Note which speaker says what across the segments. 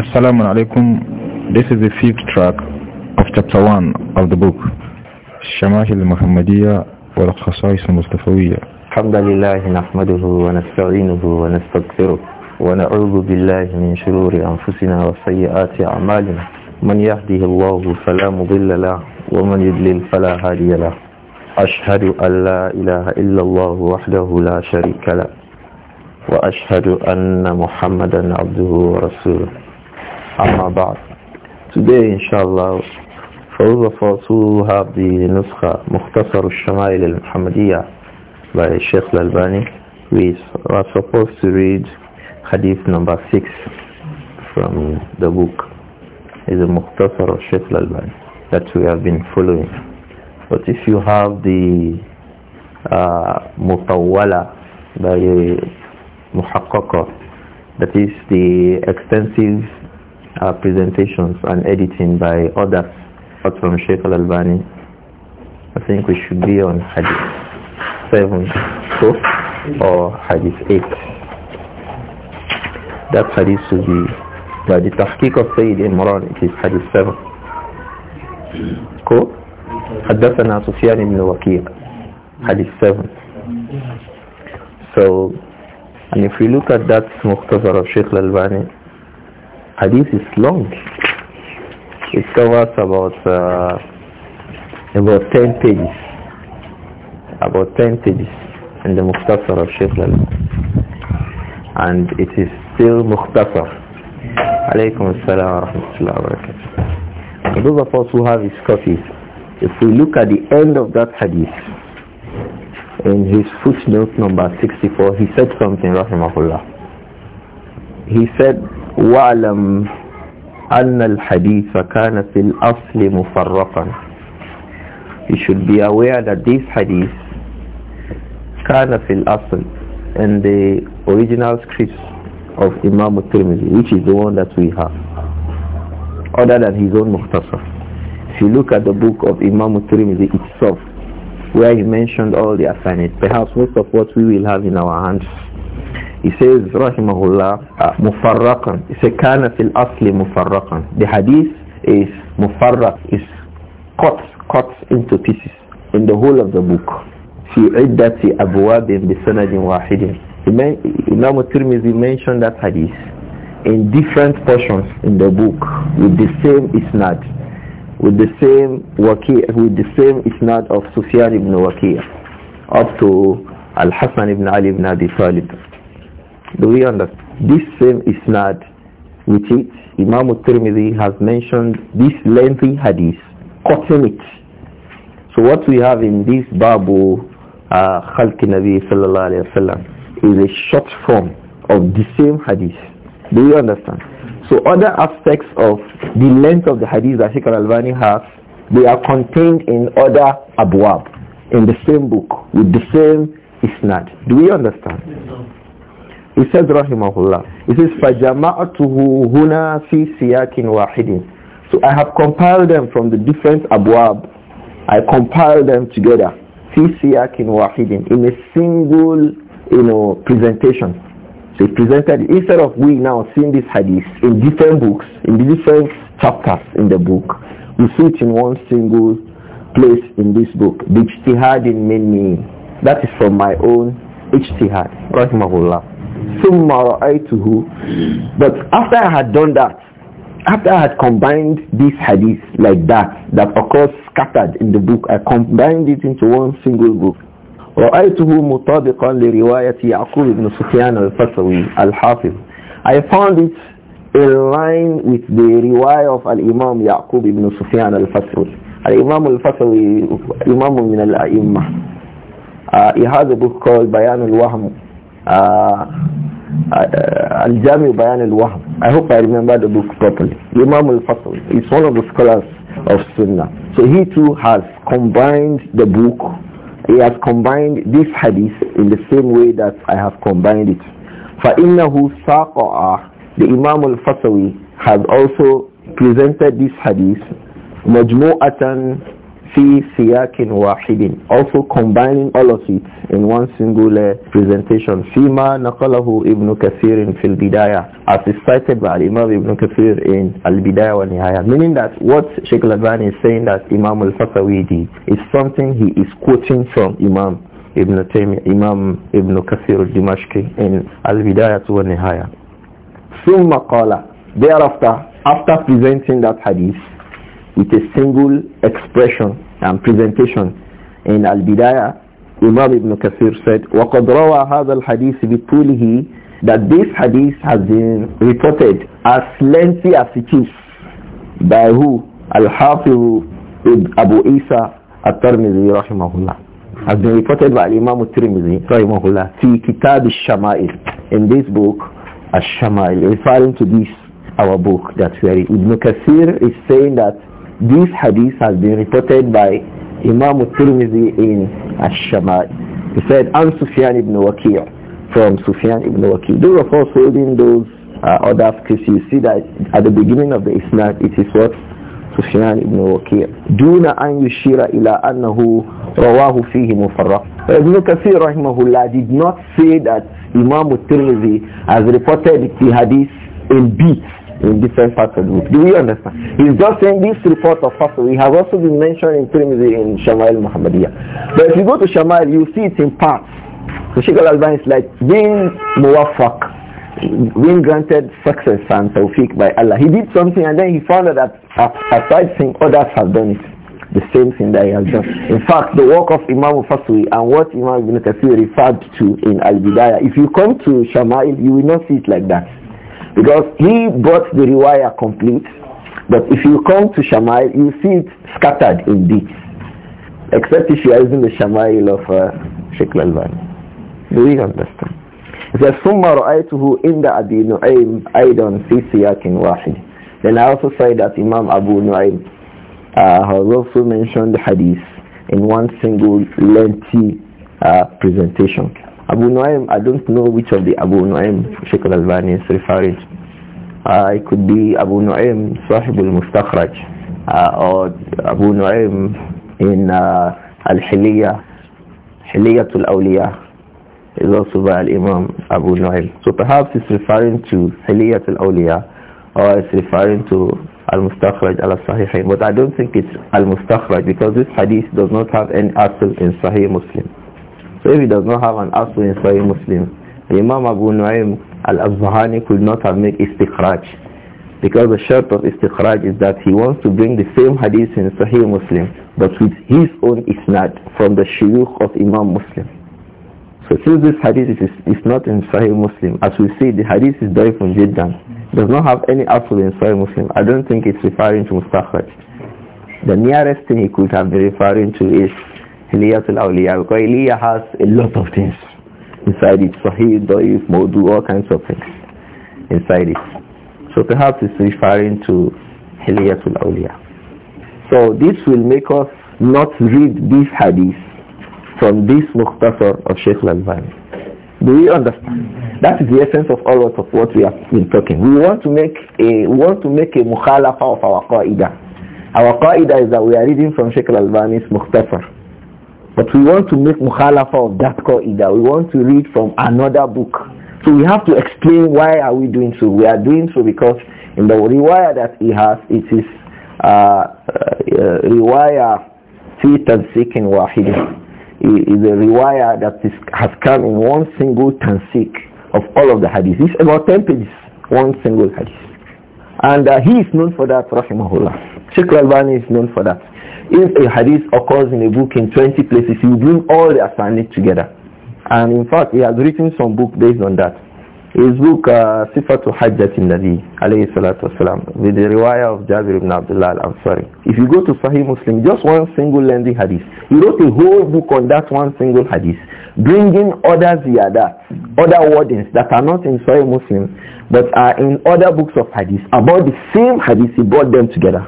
Speaker 1: Assalamu alaikum. This is the fifth track of chapter one of the book. الشماهل المحمدية والخصائص المصطفوية.
Speaker 2: الحمد لله نحمده ونستعينه ونستغفره ونعوذ بالله من شرور أنفسنا وسيئات أعمالنا. من يهده الله فلا مضل له ومن يضلل فلا هادي له. أشهد أن لا إله إلا الله وحده لا شريك له. وأشهد أن محمدا عبده ورسوله Amma Today, inshallah, for those of us who have the Nuskha Mukhtasar al-Shama'il al-Muhammadiyah by Sheikh Lalbani, we are supposed to read Hadith number 6 from the book. Is a Mukhtasar of Sheikh Lalbani that we have been following. But if you have the uh, Mutawwala by Muhakkaka, that is the extensive our presentations and editing by others apart from Sheikh Al-Albani. I think we should be on Hadith 7 so, or Hadith 8. That Hadith should be by the Tahqiq of Sayyid Imran, it is Hadith 7. Cool? حدثنا سفيان بن وكيع Hadith 7. So, and if we look at that Muqtazar of Sheikh Al-Albani, hadith is long. It covers about uh, about 10 pages. About 10 pages in the Mukhtasar of Sheikh Lal. And it is still Mukhtasar. Alaykum Salam, wa rahmatullahi wa barakatuh. those of us who have his copies, if we look at the end of that hadith, in his footnote number 64, he said something, rahimahullah. He said, واعلم أن الحديث كان في الأصل مفرقا You should be aware that this hadith كان في الأصل in the original script of Imam al-Tirmidhi which is the one that we have other than his own Mukhtasar if you look at the book of Imam al-Tirmidhi itself where he mentioned all the assignments perhaps most of what we will have in our hands he says, rahimahullah, uh, mufarraqan. He says, kana fil asli mufarraqan. The hadith is mufarraq, is cut, cut into pieces in the whole of the book. في عدة أبواب بسند واحد. Imam Tirmidhi mentioned that hadith in different portions in the book with the same isnad, with the same waqi, with the same isnad of Sufyan ibn Waqi' up to Al-Hasan ibn Ali ibn Abi Talib. Do we understand? This same isnad which is Imam al-Tirmidhi has mentioned this lengthy hadith, cutting it. So what we have in this Babu uh, Khalki Nabi sallallahu alaihi wasallam is a short form of the same hadith. Do you understand? So other aspects of the length of the hadith that Sheikh al-Albani has, they are contained in other abwab, in the same book, with the same isnad. Do we understand? Yes, he said, Rahimahullah, he says, فَجَمَعْتُهُ هُنَا فِي سِيَاكٍ وَاحِدٍ So I have compiled them from the different abwab. I compiled them together. فِي سِيَاكٍ وَاحِدٍ In a single, you know, presentation. So he presented, instead of we now seeing this hadith in different books, in the different chapters in the book, we see it in one single place in this book. Bijtihad in me. That is from my own ijtihad. Rahimahullah but after I had done that after I had combined these hadiths like that that course scattered in the book I combined it into one single book رأيته مطابقا لرواية يعقوب بن سفيان al الحافظ I found it in line with the riwayah of Al-Imam Yaqub ibn Sufyan al-Fasawi. Al-Imam al-Fasawi, Imam min al-A'immah. Uh, he has a book called Bayan al-Wahm uh, uh, Al-Jami Bayan al wahm I hope I remember the book properly. Imam al-Fasl is one of the scholars of Sunnah. So he too has combined the book. He has combined this hadith in the same way that I have combined it. فَإِنَّهُ سَاقَعَ The Imam al-Fasawi has also presented this hadith مَجْمُوعَةً fi siyakin wahidin also combining all of it in one single uh, presentation fima naqalahu ibn kathir fil bidayah as is cited by imam ibn kathir in al bidayah wa nihayah meaning that what sheikh al-albani is saying that imam al-fatawi did is something he is quoting from imam ibn taymiyyah imam ibn kathir al-dimashqi in al bidayah wa nihayah ثم qala thereafter after presenting that hadith with a single expression and presentation in Al-Bidayah, Imam Ibn Kathir said, وَقَدْ رَوَى هَذَا الْحَدِيثِ بِطُولِهِ That this hadith has been reported as lengthy as it is by who? Al-Hafiz Abu Isa At-Tirmidhi rahimahullah. Has been reported by Imam At-Tirmidhi rahimahullah Kitab al-Shamail In this book, al shamail referring to this, our book that we are in. Ibn Kathir is saying that this hadith has been reported by Imam al-Tirmidhi in Ash-Shama'i. He said, "An Sufyan ibn Waqir from Sufyan ibn Waqir. Those of us holding those uh, other scripts, you see that at the beginning of the Islam, it is what سفيان بن وكيع دون أن يشير إلى أنه رواه فيه مفرق ابن كثير رحمه rahimahullah did not say that Imam al-Tirmidhi has reported the hadith in beats in different parts of the book. Do we understand? He's just saying this report of Fasl, we have also been mentioned in Tirmidhi in Shama'il Muhammadiyah. But if you go to Shama'il, you see it in parts. So Sheikh al-Albani is like being muwaffaq, being granted success and tawfiq by Allah. He did something and then he found out that uh, aside saying others have done it. The same thing that he has done. In fact, the work of Imam Faswi and what Imam Ibn Kathir referred to in Al-Bidayah, if you come to Shama'il, you will not see it like that. Because he brought the rewire complete, but if you come to Shammai, you see it scattered in bits. Except if you are using the Shammai of uh, Sheikh Lalvan. Do you understand? It says, ثم رأيته عند أبي نعيم أيضا في سياق واحد. Then I also say that Imam Abu Nu'aym uh, has also mentioned the hadith in one single lengthy uh, presentation. Abu Nuaym, I don't know which of the Abu Noaim Sheikh al-Albani is referring to. Uh, it could be Abu Noaim Sahib al-Mustakhraj uh, or Abu Noaim in uh, Al-Hiliyah, Hiliyat al-Awliya is also by Al-Imam Abu Noaim. So perhaps it's referring to Hiliyat al-Awliya or it's referring to Al-Mustakhraj al-Sahihain. But I don't think it's Al-Mustakhraj because this hadith does not have any asl in Sahih Muslim. So if he does not have an asl in Sahih Muslim, the Imam Abu Nu'aym al-Asbahani could not have made istikhraj. Because the shirt of istikhraj is that he wants to bring the same hadith in Sahih Muslim, but with his own isnad from the shuyukh of Imam Muslim. So since this hadith is, is not in Sahih Muslim, as we see, the hadith is derived from Jiddan, does not have any asl in Sahih Muslim. I don't think it's referring to mustakhraj. The nearest thing he could have been referring to is Hilayatul Awliya because Hilayah has a lot of things inside it. Sahih, Da'if, Modu, all kinds of things inside it. So perhaps it's referring to Hilayatul Awliya. So this will make us not read this hadith from this Muqtasar of Sheikh Al-Albani. Do you understand? That is the essence of all of what we have been talking. We want to make a we want to make a mukhalafa of our qaida. Our qaida is that we are reading from Sheikh Al-Albani's Muqtasar. But we want to make mukhalafa of that qaida. We want to read from another book. So we have to explain why are we doing so. We are doing so because in the riwayah that he has, it is uh, uh riwayah fi tansikin wahid. Is a riwayah that is, has come in one single tansik of all of the hadiths. It's about 10 pages, one single hadith. And uh, he is known for that, rahimahullah. Sheikh Albani is known for that. If a hadith occurs in a book in 20 places, he will bring all the asanid together. And in fact, he has written some book based on that. His book, uh, Sifatu Hajjat Nabi, alayhi salatu wasalam, with the riwayah of Jabir ibn Abdullah I'm sorry. If you go to Sahih Muslim, just one single lengthy hadith. He wrote a whole book on that one single hadith, bringing other ziyada, other wordings that are not in Sahih Muslim, but are in other books of hadith, about the same hadith, he brought them together.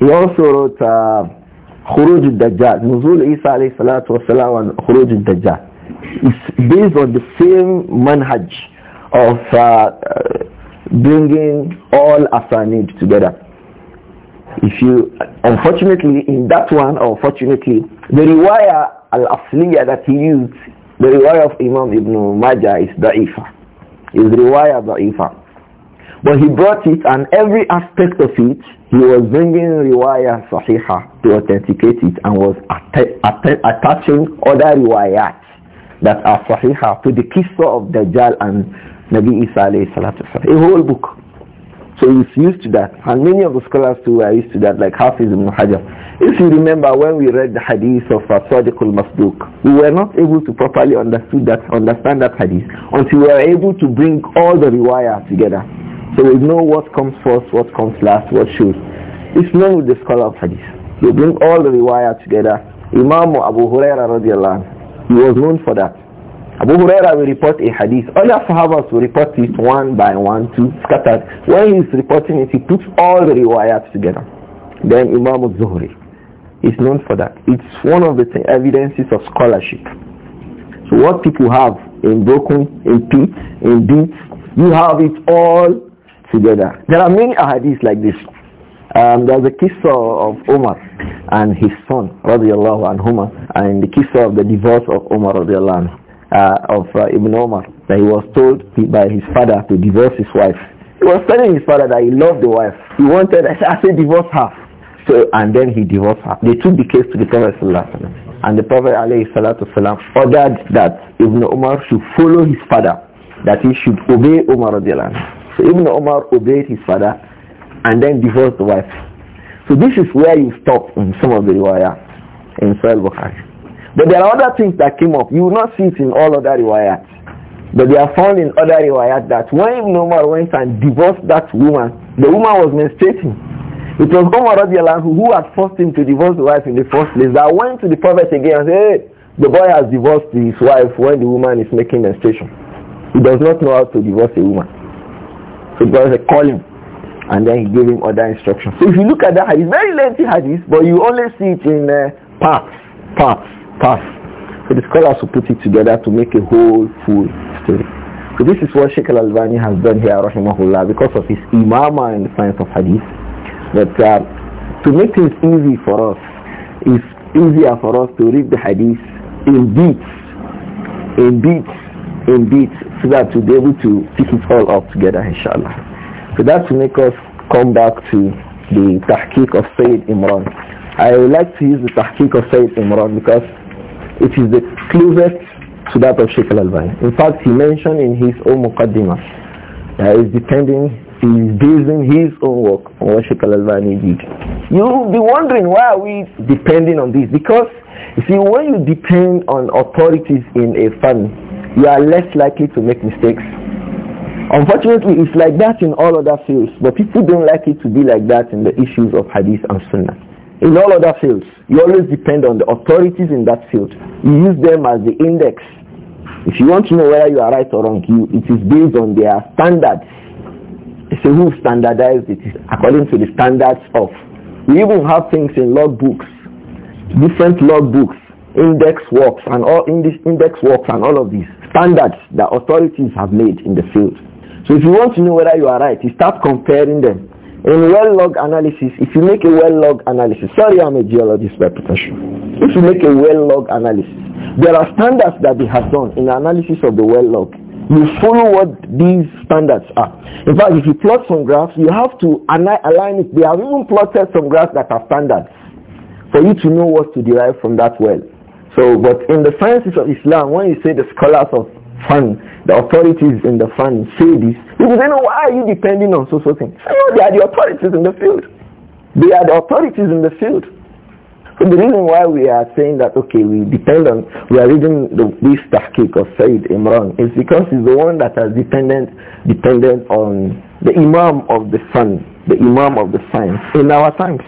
Speaker 2: He also wrote uh, Khuruj uh, al-Dajjal, Nuzul Isa alayhi salatu wasalam and Khuruj al-Dajjal. It's based on the same manhaj of uh, uh bringing all asanid together. If you, unfortunately, in that one, unfortunately the riwaya al-asliya that he used, the riwaya of Imam Ibn Majah is da'ifa. Is riwaya da'ifa. But he brought it and every aspect of it, he was bringing riwayah sahiha to authenticate it and was attaching other riwayat that are sahiha to the kisra of Dajjal and Nabi Isa alayhi salatu A whole book. So he's used to that. And many of the scholars too are used to that, like Hafiz ibn Hajar. If you remember when we read the hadith of aswad Sadiq al-Masduq, we were not able to properly that, understand that hadith until we were able to bring all the riwayah together. So we know what comes first, what comes last, what should. It's known with the scholar of hadith. You bring all the rewire together. Imam Abu Huraira radiallahu anhu, he was known for that. Abu Huraira will report a hadith. Other Sahabas will report it one by one, two, scattered. When he's reporting it, he puts all the riwayat together. Then Imam Abu zuhri is known for that. It's one of the evidences of scholarship. So what people have in broken, in pits, in beats, you have it all together. There are many ahadith like this. Um, there a kisa of Omar and his son, radiallahu anhuma, and the kisa of the divorce of Omar, radiallahu anhu, uh, of uh, Ibn Omar, that he was told by his father to divorce his wife. He was telling his father that he loved the wife. He wanted, I said, I said divorce her. So, and then he divorced her. They took the case to the Prophet and the Prophet والسلام, ordered that Ibn Omar should follow his father, that he should obey Omar radiallahu so Ibn Omar obeyed his father and then divorced the wife. So this is where you stop in some of the riwayat in Sahih Bukhari. But there are other things that came up. You will not see it in all other riwayat. But they are found in other riwayat that when Ibn Omar went and divorced that woman, the woman was menstruating. It was Omar radiallahu who had forced him to divorce the wife in the first place. That went to the Prophet again and said, hey, the boy has divorced his wife when the woman is making menstruation. He does not know how to divorce a woman. So God said, call him. And then he gave him other instructions. So if you look at that hadith, very lengthy hadith, but you only see it in uh, parts, parts, parts. So the scholars will put it together to make a whole full story. So this is what Sheikh al-Albani has done here, rahimahullah, because of his imama in the science of hadith. But uh, to make things easy for us, it's easier for us to read the hadith in beats, in beats, in beats, so that we'll be able to pick it all up together inshallah. So that to make us come back to the tahqiq of Sayyid Imran. I would like to use the tahqiq of Sayyid Imran because it is the closest to that of Sheikh In fact, he mentioned in his own muqaddimah that is depending, he is basing his own work on what Sheikh did. You'll be wondering why are we depending on this? Because, you see, when you depend on authorities in a family, you are less likely to make mistakes. Unfortunately, it's like that in all other fields, but people don't like it to be like that in the issues of hadith and sunnah. In all other fields, you always depend on the authorities in that field. You use them as the index. If you want to know whether you are right or wrong, you, it is based on their standards. So who standardized it is according to the standards of. We even have things in log books, different log books index works and all in this index works and all of these standards that authorities have made in the field. So if you want to know whether you are right, you start comparing them. In well log analysis, if you make a well log analysis, sorry I'm a geologist by profession. If you make a well log analysis, there are standards that they have done in the analysis of the well log. You follow what these standards are. In fact, if you plot some graphs, you have to align it. They have even plotted some graphs that are standards for you to know what to derive from that well. So, but in the sciences of Islam, when you say the scholars of fun, the authorities in the fun say this, people say, no, why are you depending on so-so things? So, no, they are the authorities in the field. They are the authorities in the field. So the reason why we are saying that, okay, we depend on, we are reading the, this tahqiq of Sayyid Imran is because he's the one that has dependent, dependent on the Imam of the sun, the Imam of the science in our times.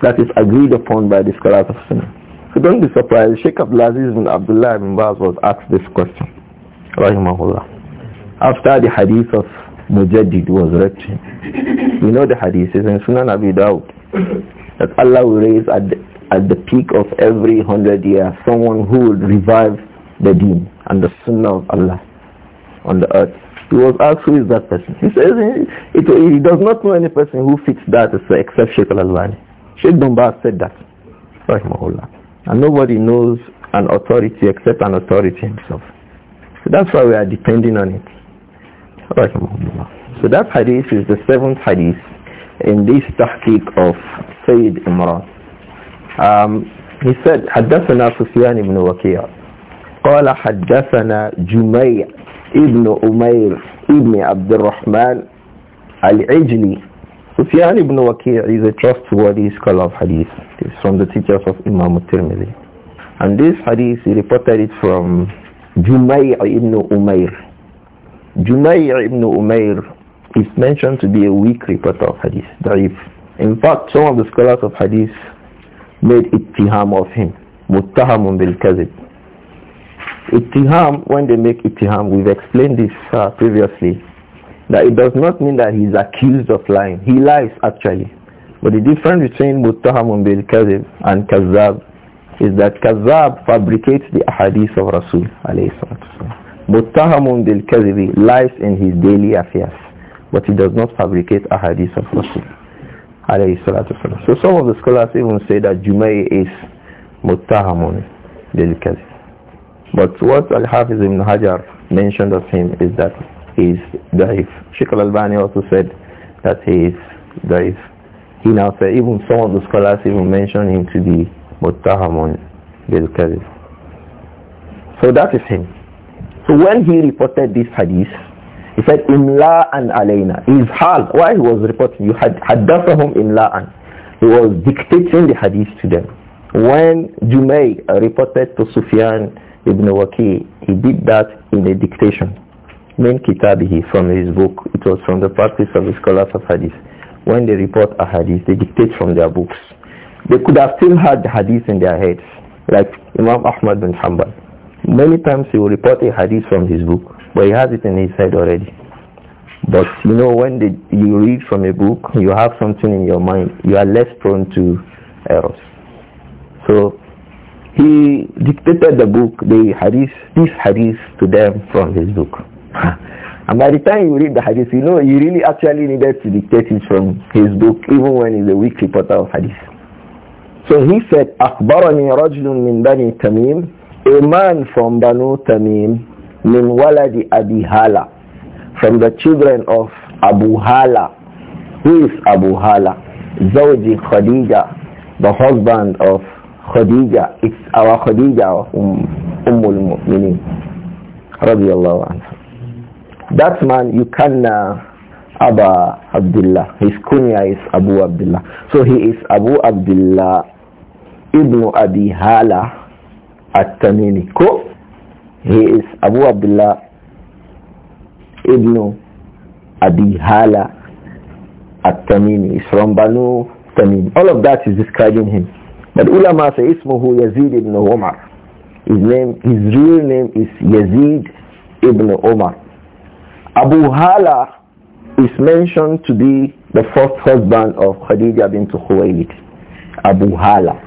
Speaker 2: That is agreed upon by the scholars of Sunnah don't be surprised. Sheikh Abdulaziz bin Abdullah bin Baz was asked this question. Rahimahullah. After the hadith of Mujaddid was read You know the hadith is in Sunan Abi Dawud that Allah will raise at the, at the peak of every hundred years someone who will revive the deen and the sunnah of Allah on the earth. He was asked who is that person. He says he, he does not know any person who fits that except Sheikh Al-Albani. Sheikh Dumbar said that. Rahimahullah. And nobody knows an authority except an authority himself. So that's why we are depending on it. So that hadith is the seventh hadith in this tahqiq of Sayyid Imran. Um, he said, حدثنا سفيان بن وكيع قال حدثنا جميع ابن أمير ابن عبد الرحمن العجلي Sufyan ibn Waqi' is a trustworthy scholar of hadith. It's from the teachers of Imam al-Tirmidhi. And this hadith, he reported it from Jumay' ibn Umayr. Jumay' ibn Umayr is mentioned to be a weak reporter of hadith, da'if. In fact, some of the scholars of hadith made ittiham of him, muttahamun bil kazib. Ittiham, when they make ittiham, we've explained this uh, previously, that it does not mean that he is accused of lying. He lies actually. But the difference between Muttahamun bin kazib and Kazab is that Kazab fabricates the ahadith of Rasul alayhi Muttahamun bil Kadib lies in his daily affairs. But he does not fabricate ahadith of Rasul alayhi So some of the scholars even say that Jumay is Muttahamun bin kazib But what Al-Hafiz ibn Hajar mentioned of him is that he is da'if. Sheikh al-Albani also said that he is da'if. He now said even some of the scholars even mentioned him to be muttahamun bil So that is him. So when he reported this hadith, he said and alayna. His hal, why he was reporting, you had haddathahum imla'an. He was dictating the hadith to them. When Jumay reported to Sufyan ibn Waqi, he did that in a dictation min kitabihi from his book. It was from the practice of the scholars of hadith. When they report a hadith, they dictate from their books. They could have still had the hadith in their heads, like Imam Ahmad bin Hanbal. Many times he will report a hadith from his book, but he has it in his head already. But you know, when you read from a book, you have something in your mind. You are less prone to errors. So he dictated the book, the hadith, this hadith to them from his book. and by the time you read the hadith, you know he really actually needed to dictate it from his book, even when he's a weak reporter of hadith. So he said, أخبرني رجل من بني تميم a man from Banu Tamim min waladi Abi Hala from the children of Abu Hala who is Abu Hala Zawji Khadija the husband of Khadija it's our Khadija of um, Ummul Mu'minin radiyallahu anha that man, you can uh, Abu Abdullah. His kunya is Abu Abdullah. So he is Abu Abdullah Ibn Abi Hala At-Tamimi. He is Abu Abdullah Ibn Abi Hala at Tamini. He's from Banu Tamim. All of that is describing him. But ulama say ismuhu Yazid ibn Umar. His name, his real name is Yazid ibn Umar. Abu Hala is mentioned to be the first husband of Khadija bint Khuwailid, Abu Hala.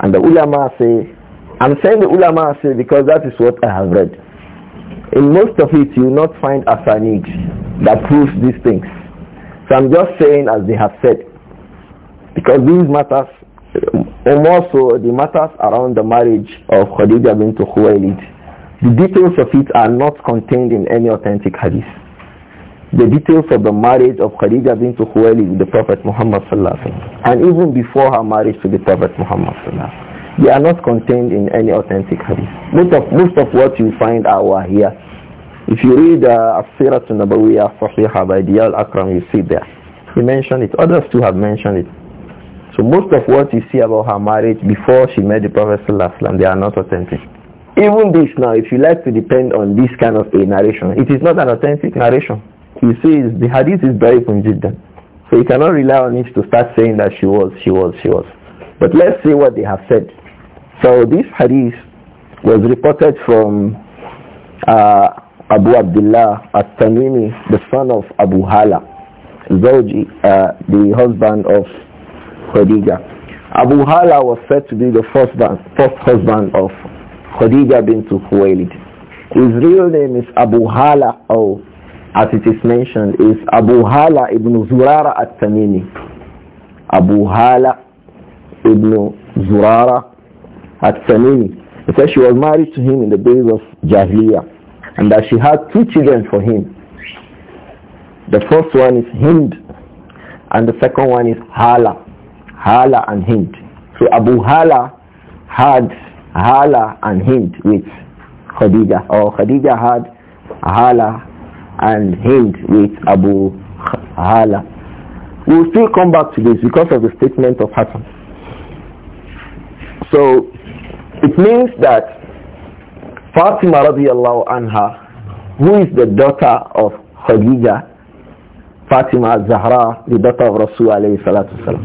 Speaker 2: And the ulama say, I'm saying the ulama say because that is what I have read. In most of it, you will not find asanid that proves these things. So I'm just saying as they have said. Because these matters, and uh, more so the matters around the marriage of Khadija bint Khuwailid, the details of it are not contained in any authentic hadith. The details of the marriage of Khadija bint Khuwaili with the Prophet Muhammad and even before her marriage to the Prophet Muhammad they are not contained in any authentic hadith. Most of, most of what you find are here. If you read uh, As-Sirat Nabawiyah Sahiha by Diyal Akram, you see there. He mentioned it. Others too have mentioned it. So most of what you see about her marriage before she met the Prophet they are not authentic. Even this now, if you like to depend on this kind of a narration, it is not an authentic narration. You see, the hadith is very from Jiddan. So you cannot rely on it to start saying that she was, she was, she was. But let's see what they have said. So this hadith was reported from uh, Abu Abdullah At-Tamimi, the son of Abu Hala, Zawji, uh, the husband of Khadija. Abu Hala was said to be the first, first husband of Khadija bint Khuwailid. His real name is Abu Hala, or as it is mentioned, is Abu Hala ibn Zurara at-Tamimi. Abu Hala ibn Zurara at-Tamimi. He says she was married to him in the days of Jahiliyyah and that she had two children for him. The first one is Hind and the second one is Hala. Hala and Hind. So Abu Hala had Hala and Hind with Khadija or Khadija had Hala and Hind with Abu Hala. We'll still come back to this because of the statement of Hassan. So it means that Fatima radiallahu anha, who is the daughter of Khadija, Fatima Zahra, the daughter of Rasul alayhi salatu wasalam,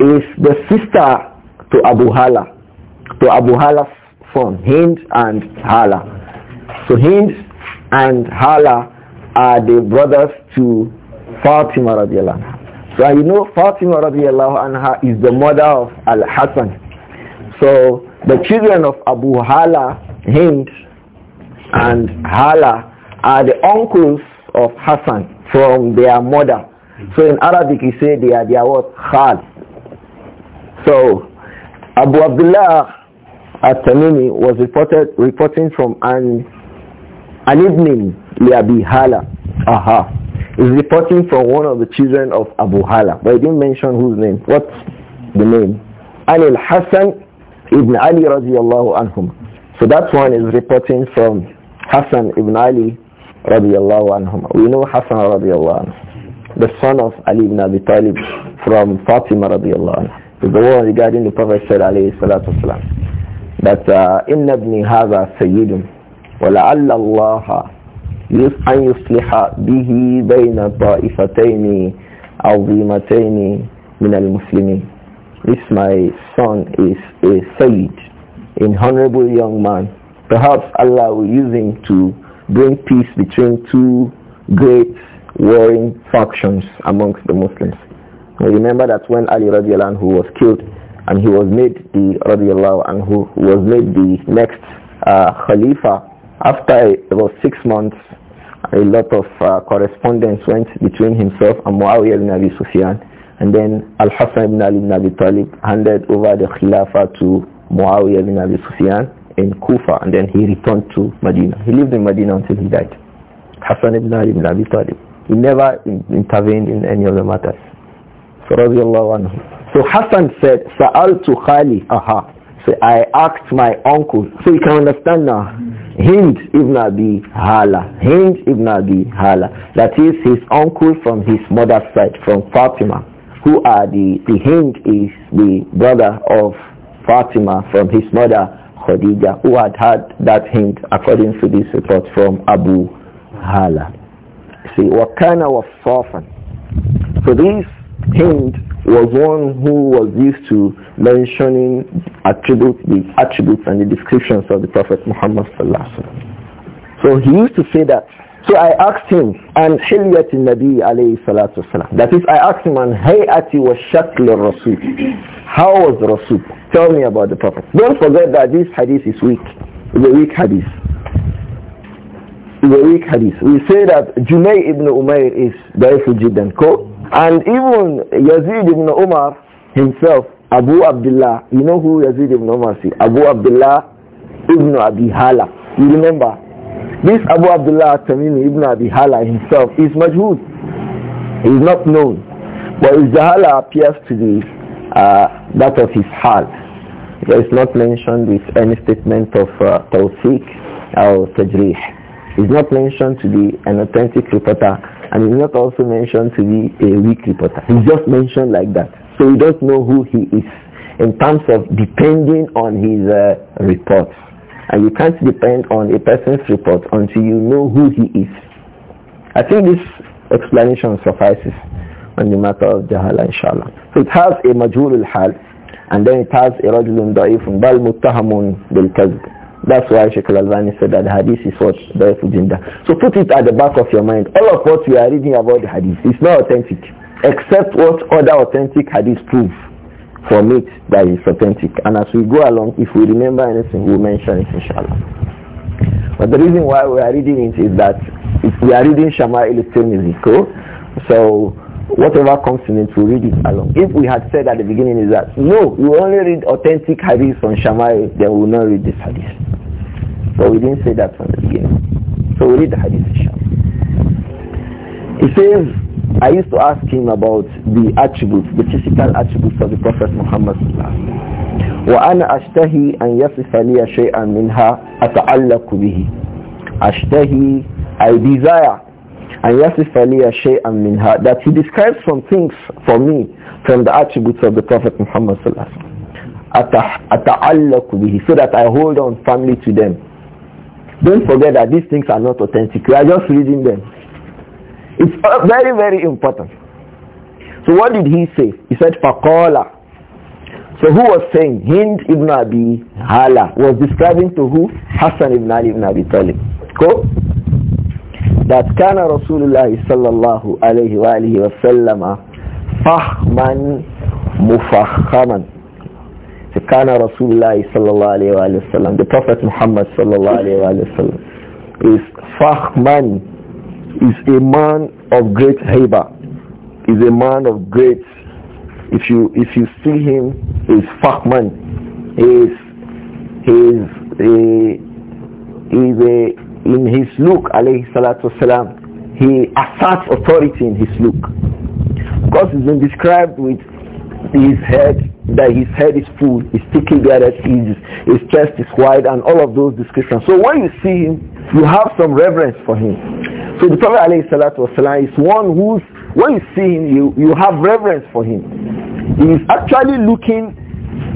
Speaker 2: is the sister to Abu Hala to Abu Hala's son, Hind and Hala. So Hind and Hala are the brothers to Fatima radiallahu anha. So you know Fatima radiallahu anha is the mother of Al-Hassan. So the children of Abu Hala, Hind and Hala are the uncles of Hassan from their mother. So in Arabic you say they are their what? Khal. So Abu Abdullah At-Tamimi was reported, reporting from an, an evening Abi Hala. Aha. Is reporting from one of the children of Abu Hala. But he didn't mention whose name. What's the name? Ali al-Hassan ibn Ali radiallahu anhum. So that one is reporting from Hassan ibn Ali radiallahu anhum. We know Hassan radiallahu Anhum, The son of Ali ibn Abi Talib from Fatima radiallahu Anhum is the one regarding the Prophet said alayhi salatu wasalam that uh, inna ibni hadha sayyidun wa la'alla Allah an yusliha bihi bayna ta'ifatayn azimatayn min al-muslimin this my son is a sayyid an honorable young man perhaps Allah will use him to bring peace between two great warring factions amongst the Muslims remember that when Ali radiallahu anhu was killed and he was made the radiallahu anhu was made the next uh, Khalifa after about six months a lot of uh, correspondence went between himself and Muawiyah ibn Abi Sufyan and then al Hassan ibn Ali ibn Abi Talib handed over the Khilafah to Muawiyah ibn Abi Sufyan in Kufa and then he returned to Medina. He lived in Medina until he died. Hassan ibn Ali ibn Abi Talib. He never intervened in any of the matters. So Hassan said, Sa'al to Khali, aha. So I asked my uncle. So you can understand now. Hind ibn Abi Hala. Hind ibn Abi Hala. That is his uncle from his mother's side, from Fatima. Who are the, the Hind is the brother of Fatima from his mother Khadija, who had had that Hind according to this report from Abu Hala. See, Wakana was softened. So these Hind was one who was used to mentioning attributes, the attributes and the descriptions of the Prophet Muhammad So he used to say that. So I asked him, and Hilyati Nabi alayhi salatu wasalam. That is, I asked him, and Hayati was Shakl Rasul. How was the Rasul? Tell me about the Prophet. Don't forget that this hadith is weak. It's a weak hadith. It's a weak hadith. We say that Junay ibn Umayr is Daifu Jiddan. Quote, and even Yazid ibn Umar himself, Abu Abdullah, you know who Yazid ibn Umar is? Abu Abdullah ibn Abi Hala. You remember? This Abu Abdullah Tamimi ibn Abi Hala himself is majhul. He is not known. But his Jahala appears to be uh, that of his hal. There is not mentioned with any statement of uh, tawfiq or tajrih. It is not mentioned to be an authentic reporter and he's not also mentioned to be a weak reporter. He's just mentioned like that. So we don't know who he is in terms of depending on his uh, reports. And you can't depend on a person's report until you know who he is. I think this explanation suffices on the matter of Jahala inshallah. So it has a majhul al-hal and then it has a rajulun da'ifun bal muttahamun bil kazb. That's why Sheikh Al-Albani said that the hadith is what the Jinda. So put it at the back of your mind. All of what we are reading about the hadith is not authentic, except what other authentic hadith prove from it that is authentic. And as we go along, if we remember anything, we'll mention it inshallah. But the reason why we are reading it is that we are reading Shama'il al-Tirmidhi. So whatever comes in we read it along. If we had said at the beginning is that, no, we only read authentic hadith from Shammai, then we will not read this hadith. So we didn't say that from the beginning. So we read the hadith Shammai. He says, I used to ask him about the attributes, the physical attributes of the Prophet Muhammad وأنا أشتهي أن يصف لي شيئا منها أتعلق به. أشتهي, I desire and minha that he describes some things for me from the attributes of the Prophet Muhammad sallallahu alaihi wasallam so that I hold on firmly to them. Don't forget that these things are not authentic. We are just reading them. It's uh, very, very important. So what did he say? He said, fakola. So who was saying? Hind ibn Abi Hala was describing to who? Hassan ibn Ali ibn Abi Talib. Go. Cool? that kana rasulullah الله صلى الله عليه وآله وسلم فخما مفخما so كان رسول الله the Prophet Muhammad صلى الله عليه is fahman is a man of great heba is a man of great if you if you see him is fahman he is he is a he is a in his look, alayhi salatu wasalam, he asserts authority in his look. God he's been described with his head, that his head is full, his sticky bearded, his, his chest is wide, and all of those descriptions. So when you see him, you have some reverence for him. So the Prophet alayhi salatu wasalam is one who's, when you see him, you, you have reverence for him. He is actually looking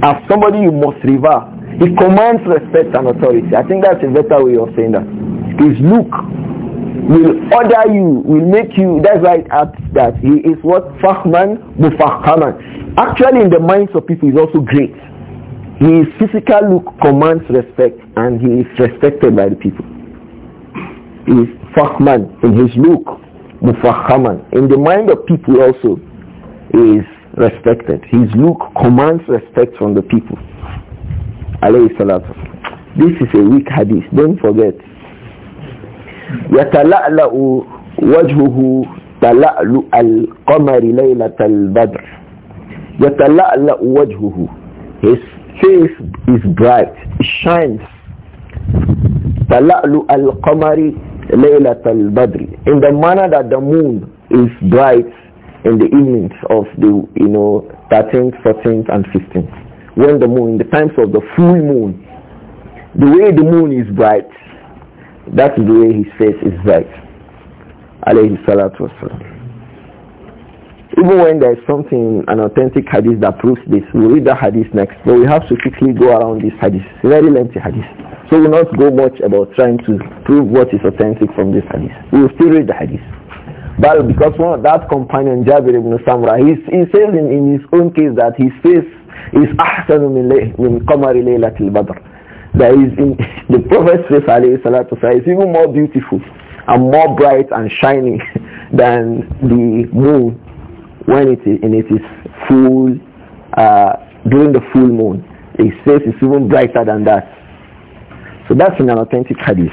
Speaker 2: at somebody you must revere. He commands respect and authority. I think that's a better way of saying that his look will order you, will make you, that's why it adds that he is what? Fahman Mufahhaman. Actually in the minds of people is also great. His physical look commands respect and he is respected by the people. He is Fahman in his look, Mufahhaman. In the mind of people also is respected. His look commands respect from the people. Alayhi salatu. This is a weak hadith. Don't forget. يتلألأ وجهه تلألؤ القمر ليلة البدر يتلألأ وجهه His face is bright, it shines. تلألؤ القمر ليلة البدر In the manner that the moon is bright in the evenings of the, you know, 13th, 14th and 15th. When the moon, in the times of the full moon, the way the moon is bright, that is the way his face is bright. Alayhi salatu wasalam. Even when there is something, an authentic hadith that proves this, we read the hadith next. But we have to quickly go around this hadith. It's very lengthy hadith. So we'll not go much about trying to prove what is authentic from this hadith. We will still read the hadith. But because one that companion, Jabir ibn Samra, he, he says in, in his own case that his face is أحسن من قمر ليلة البدر that is in the Prophet's face is even more beautiful and more bright and shining than the moon when it is and its full uh, during the full moon. It says it's even brighter than that. So that's in an authentic hadith.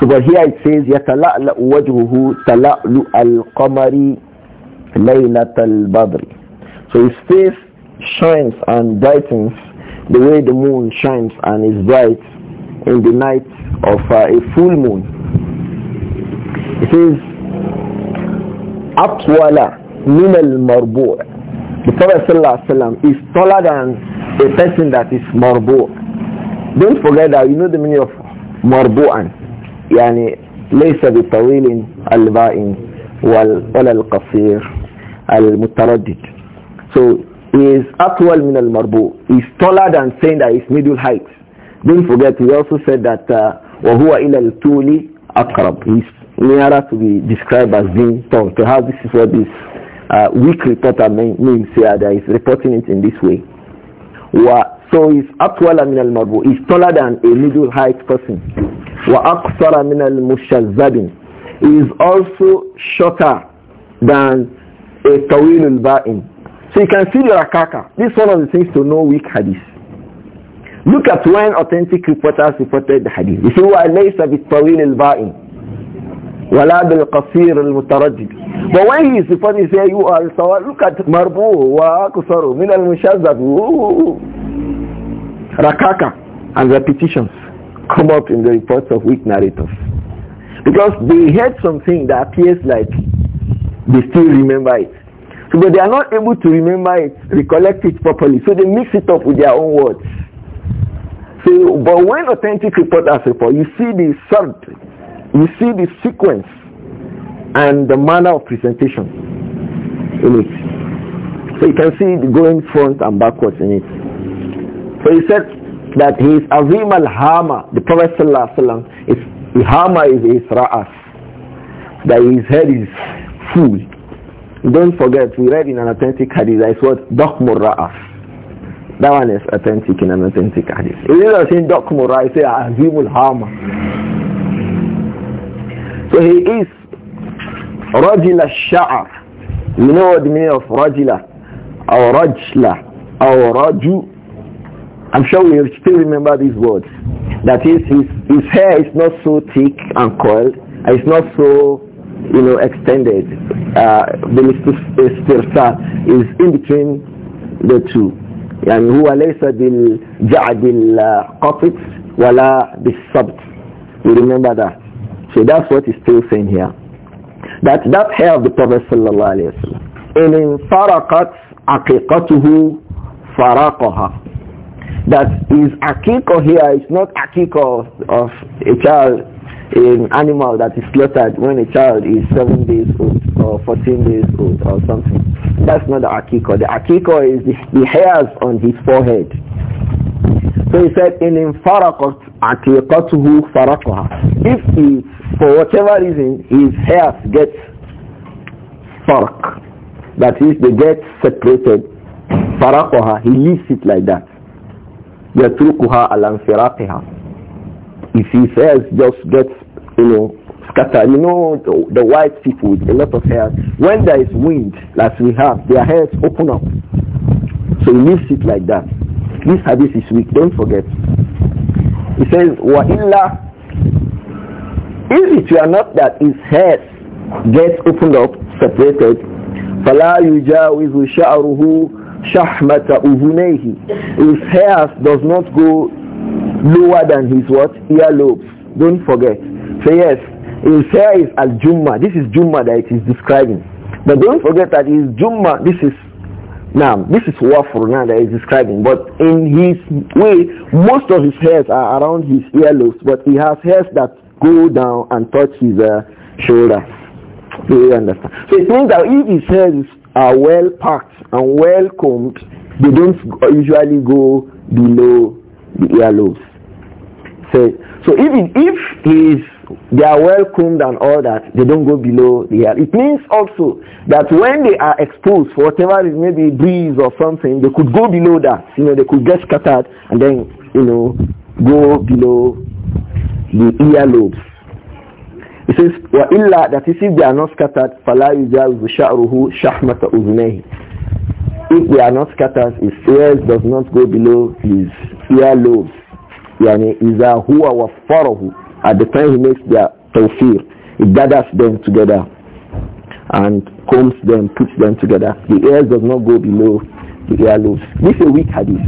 Speaker 2: So but here it says يَتَلَأْلَأُ وَجْهُهُ تَلَأْلُ الْقَمَرِ لَيْلَةَ الْبَدْرِ So his face shines and brightens the way the moon shines and is bright in the night of uh, a full moon. It says, Atwala min al-marbu' The Prophet ﷺ is taller than a person that is marbu' Don't forget that you know the meaning of marbu'an. يعني ليس بطويل البائن ولا القصير المتردد. So is actual min al marbu is taller than saying that it's middle height don't forget we also said that uh, wa huwa ila al tuli aqrab is nearer to be described as being tall perhaps this is what this uh, weak reporter means here he's reporting it in this way wa so he's actual min al marbu is taller than a middle height person wa aqsara min al mushazzabin is also shorter than a tawil al ba'in so you can see the rakaka. This is one of the things to know weak hadith. Look at when authentic reporters reported the hadith. You see, وليس بالطويل البائن ولا بالقصير المتردد. But when he is reporting, he say, you are sawa. Look at مربوه وأكثر من المشذب. Rakaka and repetitions come up in the reports of weak narrators. Because they heard something that appears like they still remember it. So, but they are not able to remember it, recollect it properly. So they mix it up with their own words. So, but when authentic report report, you see the sort, you see the sequence and the manner of presentation in it. So you can see it going front and backwards in it. So he said that his is al-Hama, the Prophet sallallahu is Hama is his Ra'as, that his head is full. Don't forget, we read in an authentic hadith, It's what Dokmur Ra'af. That one is authentic in an authentic hadith. If you are saying Dokmur Ra'af, say Azimul Hama. So he is Rajila Sha'ar. You know what the meaning of Rajila? Or Rajla. Or Raju. I'm sure we still remember these words. That is, his, his hair is not so thick and coiled. It's not so you know, extended. Uh, the istirsat is in between the two. يعني هو ليس بالجعد القطط ولا بالصبت. You remember that. So that's what he's still saying here. That that hair of the Prophet sallallahu alayhi wa sallam. إن انفرقت عقيقته فراقها that is akiko here is not akiko of, of a child an animal that is slaughtered when a child is 7 days old or 14 days old or something. That's not the akiko. The akiko is the, the hairs on his forehead. So he said, in infarakot akikatuhu farakaha. If he, for whatever reason, his hairs get farak, that is, they get separated, farakaha, he leaves it like that. يتركها على انفراقها if he says just get, you know, scattered, you know, the, the white people with a lot of hair, when there is wind, as we have, their heads open up. So he leaves it like that. This hadith is weak, don't forget. He says, Wa وَإِلَّا If it were not that his head gets opened up, separated, فَلَا يُجَاوِزُ شَعْرُهُ shahmata أُذُنَيْهِ His hair does not go lower than his what? Earlobes. Don't forget. So yes, his hair is al Jumma. This is Jumma that it is describing. But don't forget that his Jumma, this is now, this is waffle now that is describing, but in his way, most of his hairs are around his earlobes, but he has hairs that go down and touch his uh, shoulder. Do you understand? So it means that if his hairs are well packed and well combed, they don't usually go below the earlobes. So, so even if they are well combed and all that, they don't go below the air. It means also that when they are exposed for whatever is maybe breeze or something, they could go below that. You know, they could get scattered and then, you know, go below the lobes. It says, illa That is if they are not scattered, فَلَا يُجَاوِزُ شَعْرُهُ شَحْمَةَ if they are not scattered, his ears does not go below his ear lobes. يعني إذا هو وفره at the time he makes their tawfir it gathers them together and combs them puts them together the ears does not go below the earlobes this is a weak hadith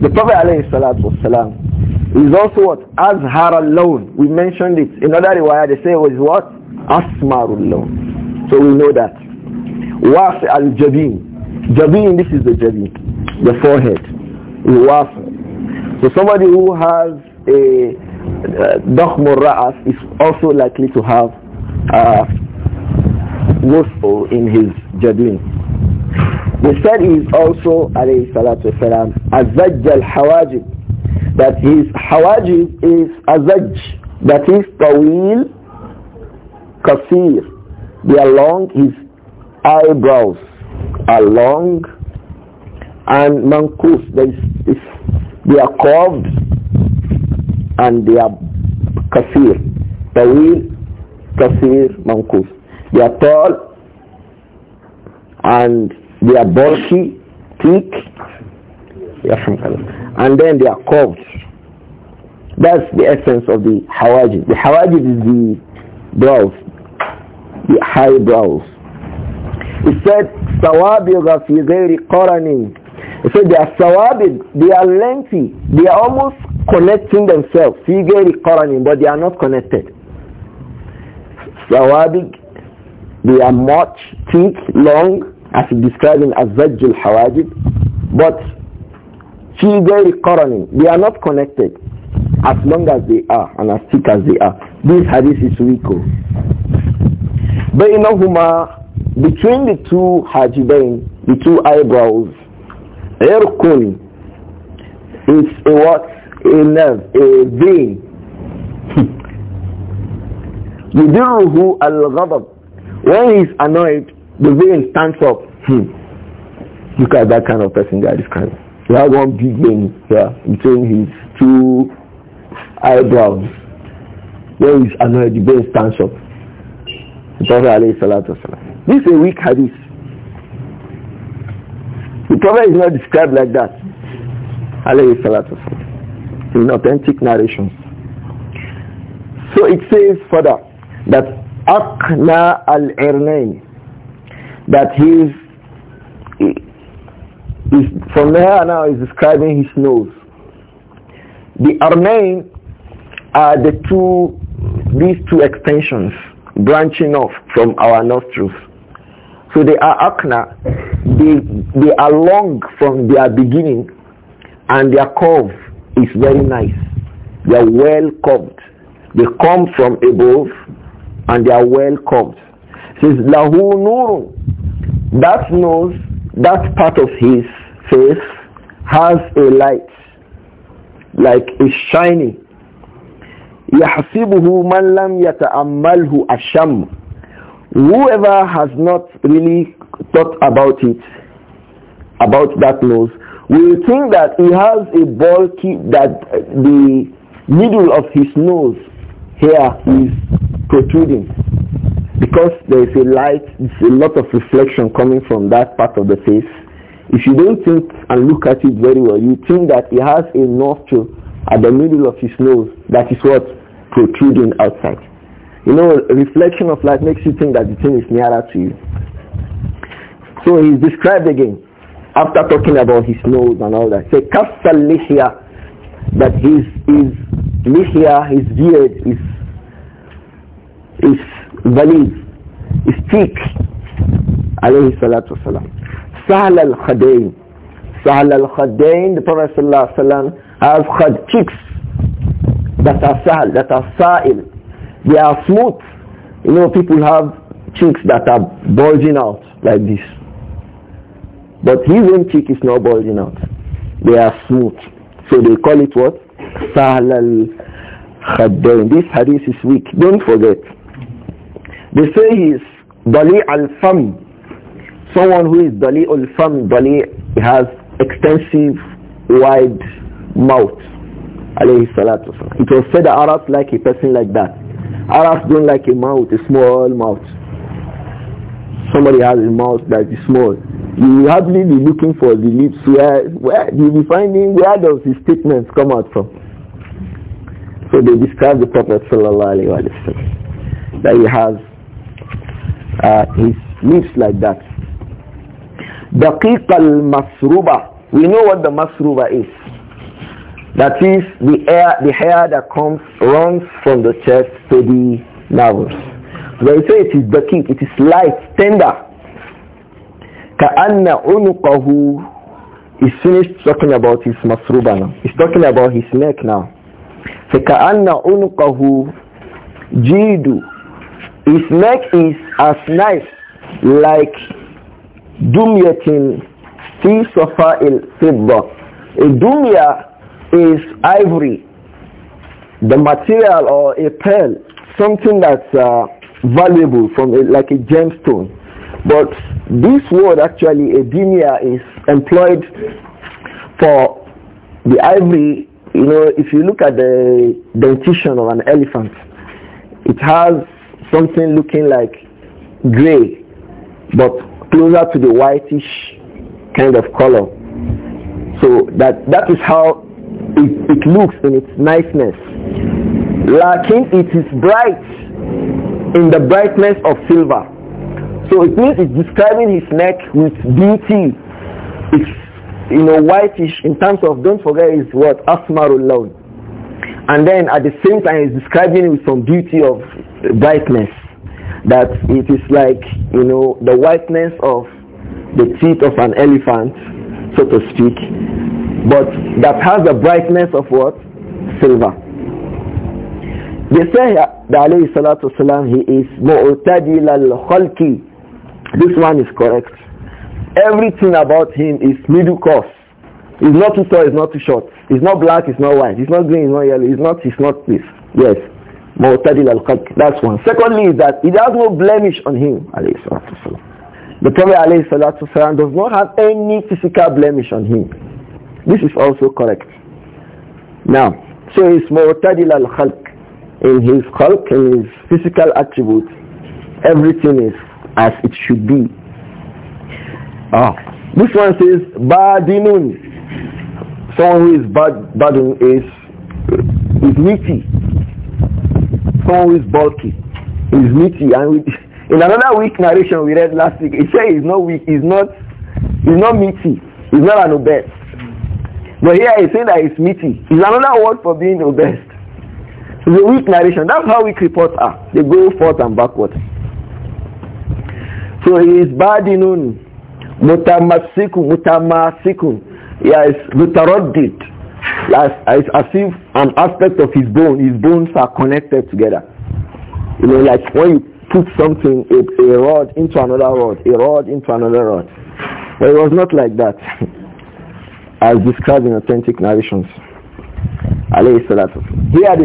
Speaker 2: the Prophet والسلام, is also what azhar alone we mentioned it in other way. they say it was what asmar alone so we know that wasi al jabin jabin this is the jabin the forehead wasi so somebody who has a dakhmur ra'as is also likely to have uh, in his jadwin. The third is also alayhi salatu wasalam azaj al-hawajib that his hawajib is azaj that is tawil kasir they are long his eyebrows are long and mankus there is, is they are curved and they are kasir. Tawil, kasir, mankuf. They are tall and they are bulky, thick. And then they are curved. That's the essence of the hawajid. The hawajid is the brows, the high brows. It said, سوابغ fi غير قرن he said they are sawabid, they are lengthy, they are almost connecting themselves. See, get Quran, but they are not connected. Sawabid, they are much, thick, long, as he described in Azajjul Hawajib, but figure ghairi qaranin, they are not connected as long as they are and as thick as they are. This hadith is weak. know, oh. between the two hajibain, the two eyebrows, Irkun is a what? A nerve, a vein. Yudirruhu al-ghadab. When he's annoyed, the vein stands up. Hmm. Look at that kind of person, guy, this kind. He has one big vein here between his two eyebrows. When he's annoyed, the vein stands up. The Prophet alayhi salatu wasalam. This is a weak hadith. The Prophet is not described like that. Alayhi salatu In authentic narrations. So it says further that Aqna al-Irnain that his, is from there now is describing his nose. The Arnain are the two these two extensions branching off from our nostrils. So they are akna. They, they are long from their beginning and their curve is very nice. They are well curved. They come from above and they are well curved. Says lahu nurun. That nose, that part of his face has a light, like it's shining. يحسبه من لم يتأمله الشم whoever has not really thought about it, about that nose, will think that he has a ball key that the middle of his nose here is protruding because there is a light, there's a lot of reflection coming from that part of the face. If you don't think and look at it very well, you think that he has a nostril at the middle of his nose that is what protruding outside. You know, reflection of light makes you think that the thing is nearer to you. So he's described again, after talking about his nose and all that. Say, Kafsal Lihya, that his, his Lihya, his beard, is, is valid, is thick. Alayhi salatu wasalam. Sahal al-Khadayn. Sahal al-Khadayn, the Prophet sallallahu alayhi wa sallam, has had cheeks that are sahl, that are sa'il. They are smooth. You know, people have cheeks that are bulging out like this. But his own cheek is not bulging out. They are smooth. So they call it what? Salal al-Khaddain. This hadith is weak. Don't forget. They say he is Dali al-Fam. Someone who is Dali al-Fam, Dali has extensive, wide mouth. It was said the Arabs like a person like that. Arabs don't like a man with a small mouth. Somebody has a mouth that is small. You will hardly be looking for the lips where, where you'll be finding where does his statements come out from. So they describe the Prophet sallallahu alaihi wasallam that he has uh, his lips like that. Daqiq al-masruba. We know what the masruba is. That is the air, the hair that comes runs from the chest to the When you say it is baki, it is light, tender. كأن عنقه is finished talking about his masruba now. He's talking about his neck now. فكأن عنقه jidu. His neck is as nice like dumyatin fi il fidda. A dumya is ivory, the material or a pearl, something that's uh, valuable from a, like a gemstone. But this word actually, edenia, is employed for the ivory. You know, if you look at the dentition of an elephant, it has something looking like gray, but closer to the whitish kind of color. So that, that is how it, it looks in its niceness. Lacking, it is bright in the brightness of silver. So it means it's describing his neck with
Speaker 1: beauty.
Speaker 2: It's you know whitish in terms of don't forget is what asmarul And then at the same time it's describing with some beauty of brightness. That it is like you know the whiteness of the teeth of an elephant so to speak, but that has the brightness of what? Silver. They say that alayhi salatu salam, he is mu'tadil al-khalqi. This one is correct. Everything about him is middle course. He's not too tall, he's not too short. He's not black, he's not white. He's not green, he's not yellow. He's not, he's not this. Yes. Mu'tadil al-khalqi. That's one. Secondly is that he has no blemish on him, alayhi salatu salam. The Prophet does not have any physical blemish on him. This is also correct. Now, so he's mu'tadil al-khalq. In his khalq, in his physical attributes, everything is as it should be. Ah, this one says badinun. Someone who is bad, badun is, is meaty. Someone who is bulky is meaty and with in another weak narration we read last week, it says it's not weak, it's not, it's not meaty, it's not an obese. But here it saying that it's meaty. It's another word for being obese. It's the weak narration, that's how weak reports are. They go forth and backward. So he is badinun, mutamasikun, mutamasikun. Yeah, it's Yes, It's as if an aspect of his bone, his bones are connected together. You know, like when you put something, a, a rod into another rod, a rod into another rod. But it was not like that, as described in authentic narrations. Here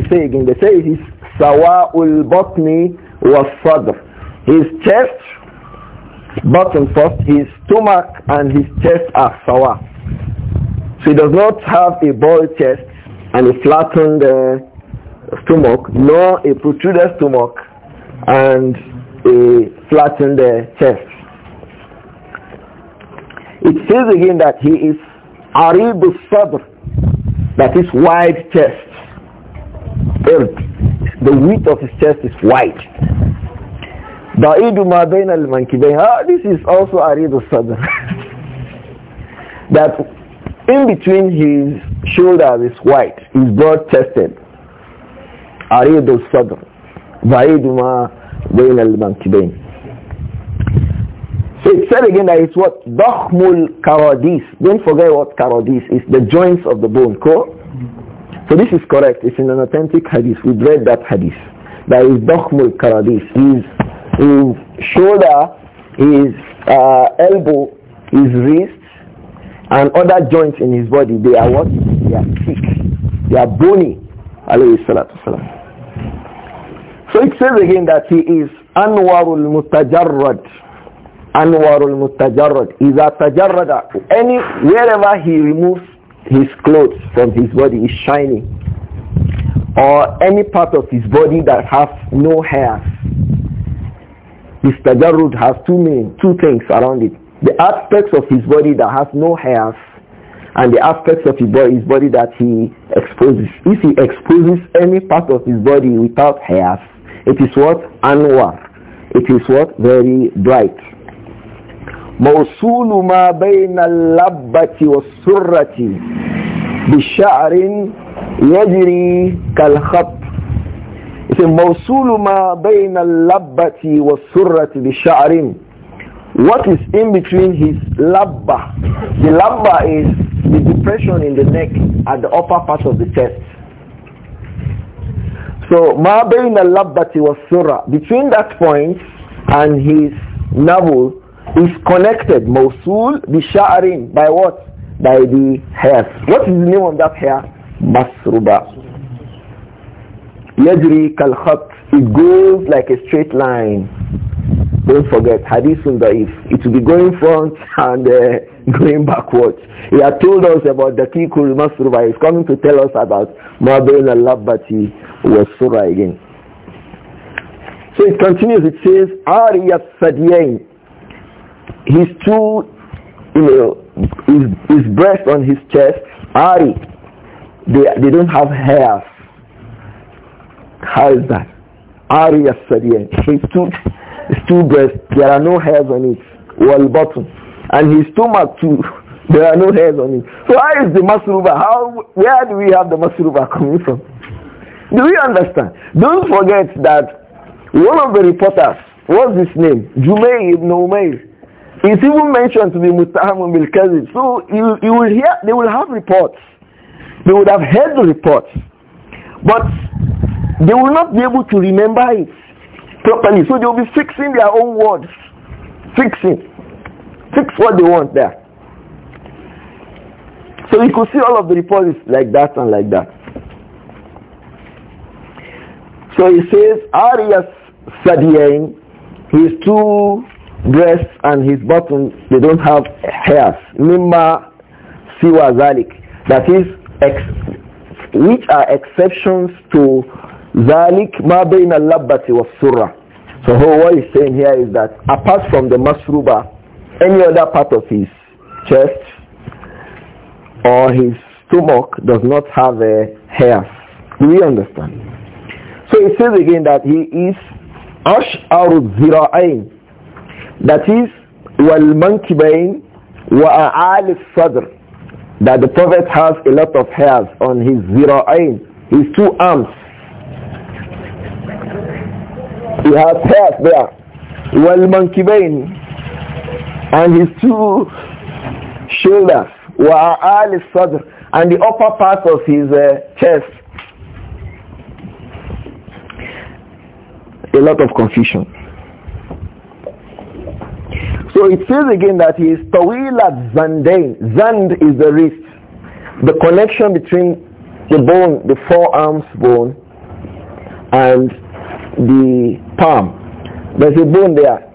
Speaker 2: they say again, they say his sawa'ul batni was sadr. His chest, bottom first, his stomach and his chest are sawa. So he does not have a bald chest and a flattened uh, stomach, nor a protruded stomach, and he flattened chest. It says again that he is Arib Sabr, that is wide chest. The width of his chest is wide. al ah, This is also Arib Sabr. that in between his shoulders is wide, His broad chested. Arib Sabr so it said again that it's what dakhmul karadis. don't forget what karadis is the joints of the bone cool? so this is correct it's in an authentic hadith we read that hadith that is dakhmul karadis. his, his shoulder his uh, elbow his wrist and other joints in his body they are what they are thick they are bony alayhi salatu so it says again that he is Anwarul Mutajarrad. Anwarul Mutajarrad. Iza Tajarrada. Any, wherever he removes his clothes from his body is shining. Or any part of his body that has no hairs. This Tajarrud has two main, two things around it. The aspects of his body that has no hairs and the aspects of his body, his body that he exposes. If he exposes any part of his body without hairs, it is what? Anwar. It is what? Very bright. موصول ما بين اللبة والسرة بشعر يجري كالخط موصول ما بين اللبة والسرة بشعر What is in between his labba? The labba is the depression in the neck at the upper part of the chest. So ma bain al-labbati was surah between that point and his navel is connected Mosul bi by what? By the hair. What is the name of that hair? Masruba. Yajri kal It goes like a straight line. Don't forget, hadithun da'if. It will be going front and uh, going backwards. He had told us about the kikul masruba. He's coming to tell us about ma bain al-labbati was surah again. So it continues, it says, Ariyat Sadiyain. His two, you know, his, his breast on his chest, Ari, they, they don't have hairs. How is that? Ari Sadiyain. His two, his two breasts, there are no hairs on it. Wall bottom. And his stomach too. There are no hairs on it. So how is the masruba? How, where do we have the masruba coming from? Do you understand? Don't forget that one of the reporters, what's his name? Jumei ibn Umair. It's even mentioned to be Mustaham bil Kazib. So you, you will hear, they will have reports. They would have heard the reports. But they will not be able to remember it properly. So they'll be fixing their own words. Fixing. Fix what they want there. So you could see all of the reports like that and like that. So he says, Arias Sadiyain, his two breasts and his bottom, they don't have hairs. Mimma siwa zalik. That is, which are exceptions to zalik ma bayna al-labbati was surah. So what he's saying here is that apart from the masruba, any other part of his chest or his stomach does not have a hair. Do we understand? So it says again that he is ash'aru zira'ain. That is wal mankibain wa al sadr. That the Prophet has a lot of hairs on his zira'ain, his two arms. He has hairs there. Wal mankibain and his two shoulders wa al sadr and the upper part of his uh, chest a lot of confusion. So it says again that he is tawil at zandain. Zand is the wrist. The connection between the bone, the forearms bone, and the palm. There's a bone there.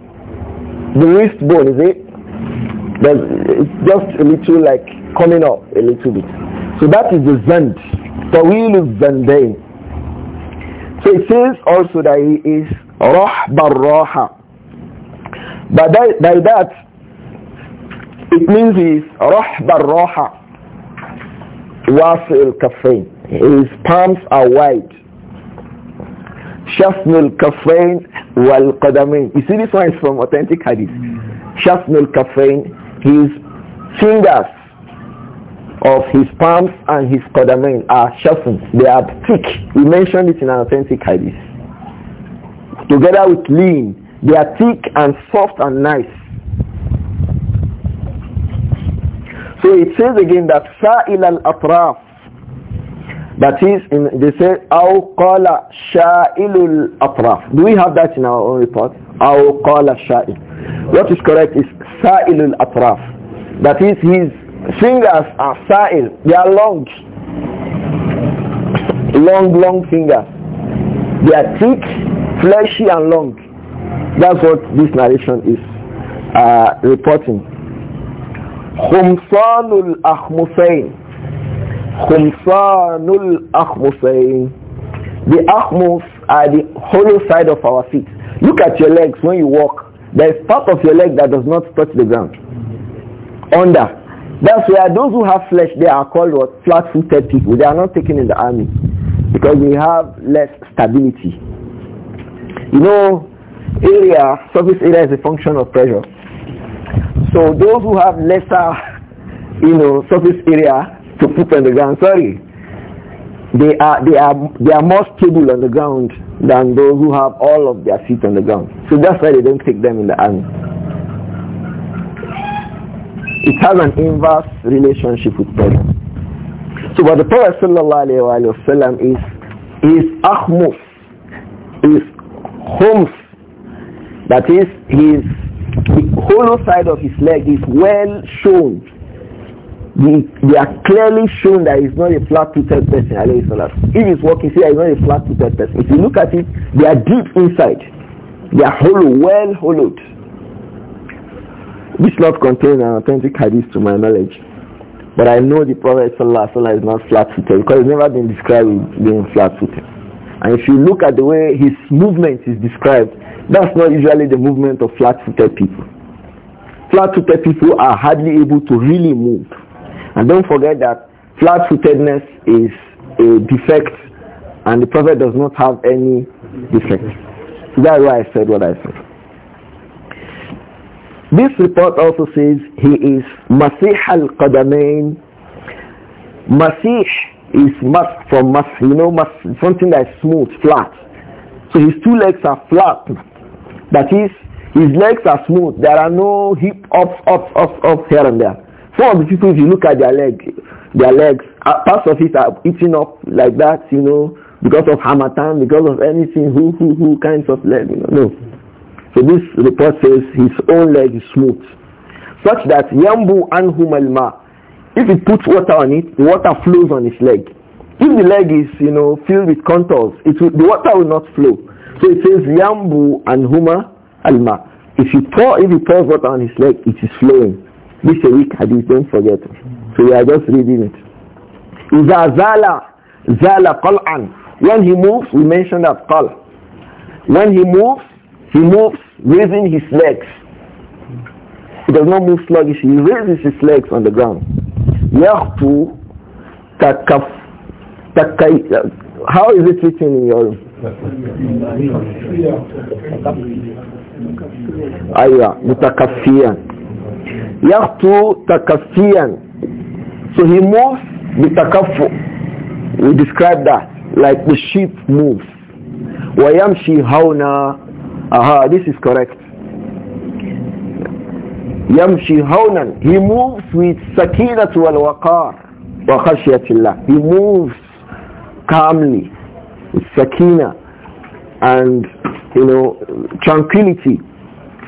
Speaker 2: The wrist bone, is it? There's, it's just a little like coming up a little bit. So that is the zand. Tawil is zandain. It says also that he is Rahbar Raha. But by, by that, it means he is Rahbar Raha. Wasil Kafain. His palms are wide. Shafnul Kafain wal Qadamain. You see this one is from authentic hadith. Shafnul Kafain. His fingers of his palms and his qadamain are shortened. They are thick. We mentioned it in an authentic hadith. Together with lean, they are thick and soft and nice. So it says again that sa'il al-atraf that is, in, they say, أو قال شائل الأطراف. Do we have that in our own report? أو shail. What is correct is سائل atraf. That is, his Fingers are sa'il. They are long. long, long fingers. They are thick, fleshy and long. That's what this narration is uh, reporting. Khumsanul akhmusain. Khumsanul akhmusain. The akhmus are the hollow side of our feet. Look at your legs when you walk. There is part of your leg that does not touch the ground. Under. That's why those who have flesh, they are called what? Flat-footed people. They are not taken in the army because they have less stability. You know, area, surface area is a function of pressure. So those who have lesser, you know, surface area to put on the ground, sorry, they are, they are, they are more stable on the ground than those who have all of their feet on the ground. So that's why they don't take them in the army. It has an inverse relationship with pleasure. So what the Prophet wasallam is, is ahmus, is homs. That is, his the hollow side of his leg is well shown. they are clearly shown that he's not a flat-footed person. If he's walking, see, he's not a flat-footed person. If you look at it, they are deep inside. They are hollow, well hollowed. This not contains an authentic hadith to my knowledge. But I know the Prophet ﷺ is not flat-footed because he's never been described as being flat-footed. And if you look at the way his movement is described, that's not usually the movement of flat-footed people. Flat-footed people are hardly able to really move. And don't forget that flat-footedness is a defect and the Prophet does not have any defect. So that's why I said what I said. This report also says he is Masih al-Qadamain. Masih is mas from mas, you know, mas, something that is smooth, flat. So his two legs are flat. That is, his legs are smooth. There are no hip ups, ups, ups, ups here and there. Some of the people, if you look at their leg, their legs, uh, parts of it are eaten up like that, you know, because of hamatan, because of anything, who, who, who kinds of leg, you know. No. So this report says his own leg is smooth, such that yambu and alma. If he puts water on it, the water flows on his leg. If the leg is, you know, filled with contours, it will, the water will not flow. So it says yambu anhuma alma. If you pour, if he pours water on his leg, it is flowing. This is a weak hadith. Don't forget. So we are just reading it. إذا زال زال when he moves we mention that Kal. when he moves he moves raising his legs. He does not move sluggishly. He raises his legs on the ground. Yahtu takaf. Uh, how is it written in your Aya, mutakafiyan. Yahtu takafian. So he moves bitakafu. We describe that like the sheep moves. Wayamshi hauna Aha, this is correct. Yamshi hawnan. He moves with sakinat wal waqar wa khashyatillah. He moves calmly, with sakina and, you know, tranquility,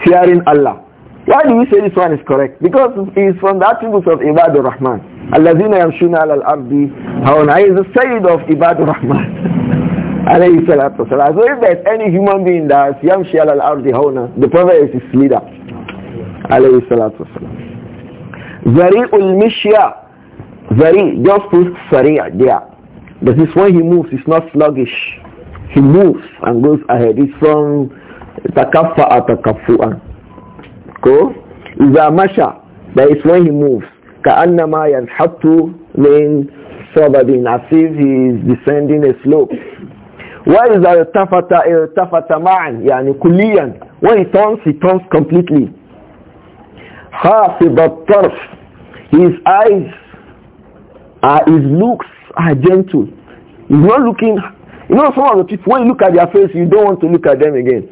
Speaker 2: fearing Allah. Why do we say this one is correct? Because it's from the attributes of Ibadur Rahman. allazina يَمْشُونَ al الْأَرْضِ هَوْنَ He is the Sayyid of Ibadur Rahman. alayhi salatu wasalam. So if there's any human being that's has yamshi al ardi hawna, the Prophet is his leader. Alayhi salatu wasalam. Zari'ul mishya. Zari, just put sari'a there. This one, he moves, it's not sluggish. He moves and goes ahead. It's from takaffa'a takaffu'an. Go. Iza masha. That is when he moves. Ka'annama yanhattu min sabadin. As if he is descending a slope. وإذا التفت التفت معا يعني كليا when he turns he turns completely الطرف his eyes uh, his looks are gentle he's not looking you know some of the people when you look at their face you don't want to look at them again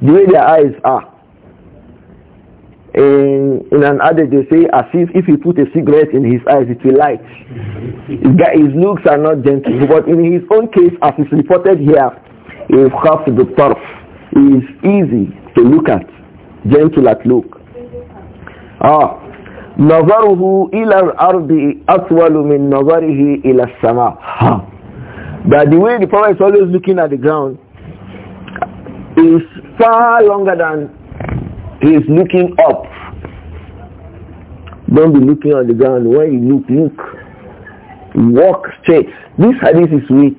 Speaker 2: the way their eyes are in, in an adage they say as if if you put a cigarette in his eyes it will light. his looks are not gentle. But in his own case as is reported here, if half the turf is easy to look at, gentle at look. Ah, نظره إلى الأرض أطول من نظره إلى السماء. But the way the Prophet is always looking at the ground is far longer than he is looking up. Don't be looking on the ground. Where you look, look. Walk straight. This hadith is weak.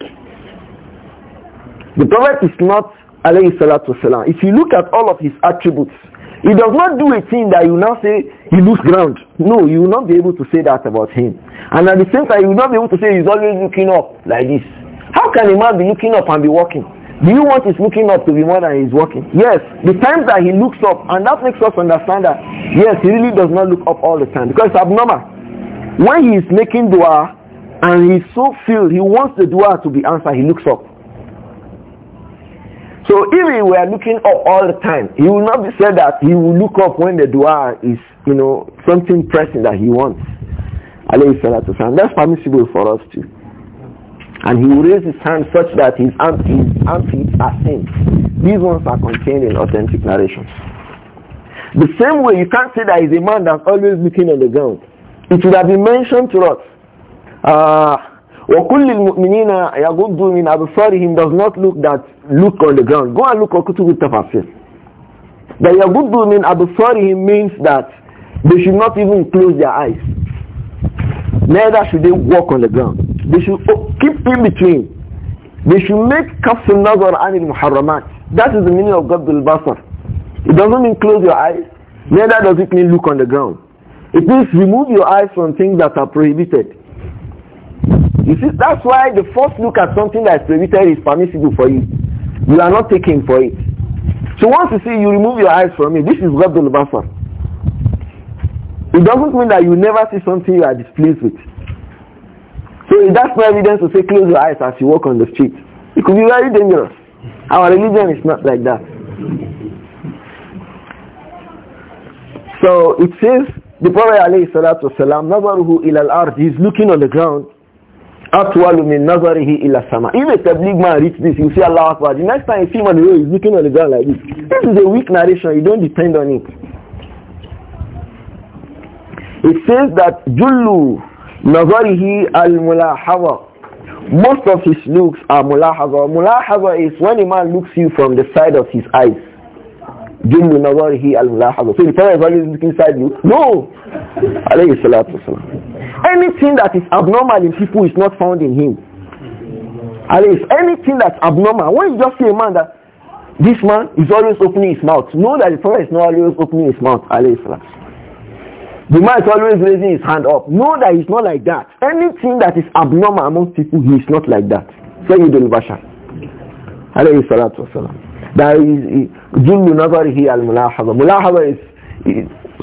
Speaker 2: The Prophet is not, alayhi salatu wasalam. If you look at all of his attributes, he does not do a thing that you now say he looks ground. No, you will not be able to say that about him. And at the same time, you will not be able to say he's always looking up like this. How can a man be looking up and be walking? Do you want his looking up to be more than he's working? Yes. The times that he looks up, and that makes us understand that, yes, he really does not look up all the time because it's abnormal. When he is making dua and he's so filled, he wants the dua to be answered, he looks up. So if he were looking up all the time, he will not be said that he will look up when the dua is, you know, something pressing that he wants. That's permissible for us too and he will raise his hand such that his arm, armpits are stained. These ones are contained in authentic narrations. The same way you can't say that he's a man that's always looking on the ground. It would have been mentioned to us. Uh, وَكُلِّ الْمُؤْمِنِينَ يَغُضُّ مِنْ أَبْصَارِهِمْ does not look that look on the ground. Go and look at Kutub al-Tafasir. The مِنْ أَبْصَارِهِمْ means that they should not even close their eyes. Neither should they walk on the ground. They should keep in between. They should make kafsun nazar anil muharramat. That is the meaning of God basar. It doesn't mean close your eyes, neither does it mean look on the ground. It means remove your eyes from things that are prohibited. You see, that's why the first look at something that is prohibited is permissible for you. You are not taking for it. So once you see, you remove your eyes from it. This is Rabdul Basar. It doesn't mean that you never see something you are displeased with. So that's no evidence to say close your eyes as you walk on the street. It could be very dangerous. Our religion is not like that. So it says the Prophet alayhi salatu wasalam, Nazaruhu ila al-ard, he's looking on the ground. Atwalu min nazarihi ila sama. If a tabligh man reads this, you see Allah Akbar. The next time you see him on the road, he's looking on the ground like this. This is a weak narration, you don't depend on it. It says that Jullu نظره الملاحظة Most of his looks are mulahaza. Mulahaza is when a man looks you from the side of his eyes. Jinnu جُمْلُ نَظَرِهِ الْمُلَاحَظَةِ So the Prophet is always looking inside you. No! alayhi salatu Anything that is abnormal in people is not found in him. Alayhi, anything that's abnormal, when you just see a man that this man is always opening his mouth, know that the Prophet is not always opening his mouth. Alayhi salatu the man is always raising his hand up. No, that he's not like that. Anything that is abnormal among people, he is not like that. Say Sayyid al-Bashar. Alayhi salatu wasalam. That is Jullu Nazarihi al-Mulahaba. Mulahaba is,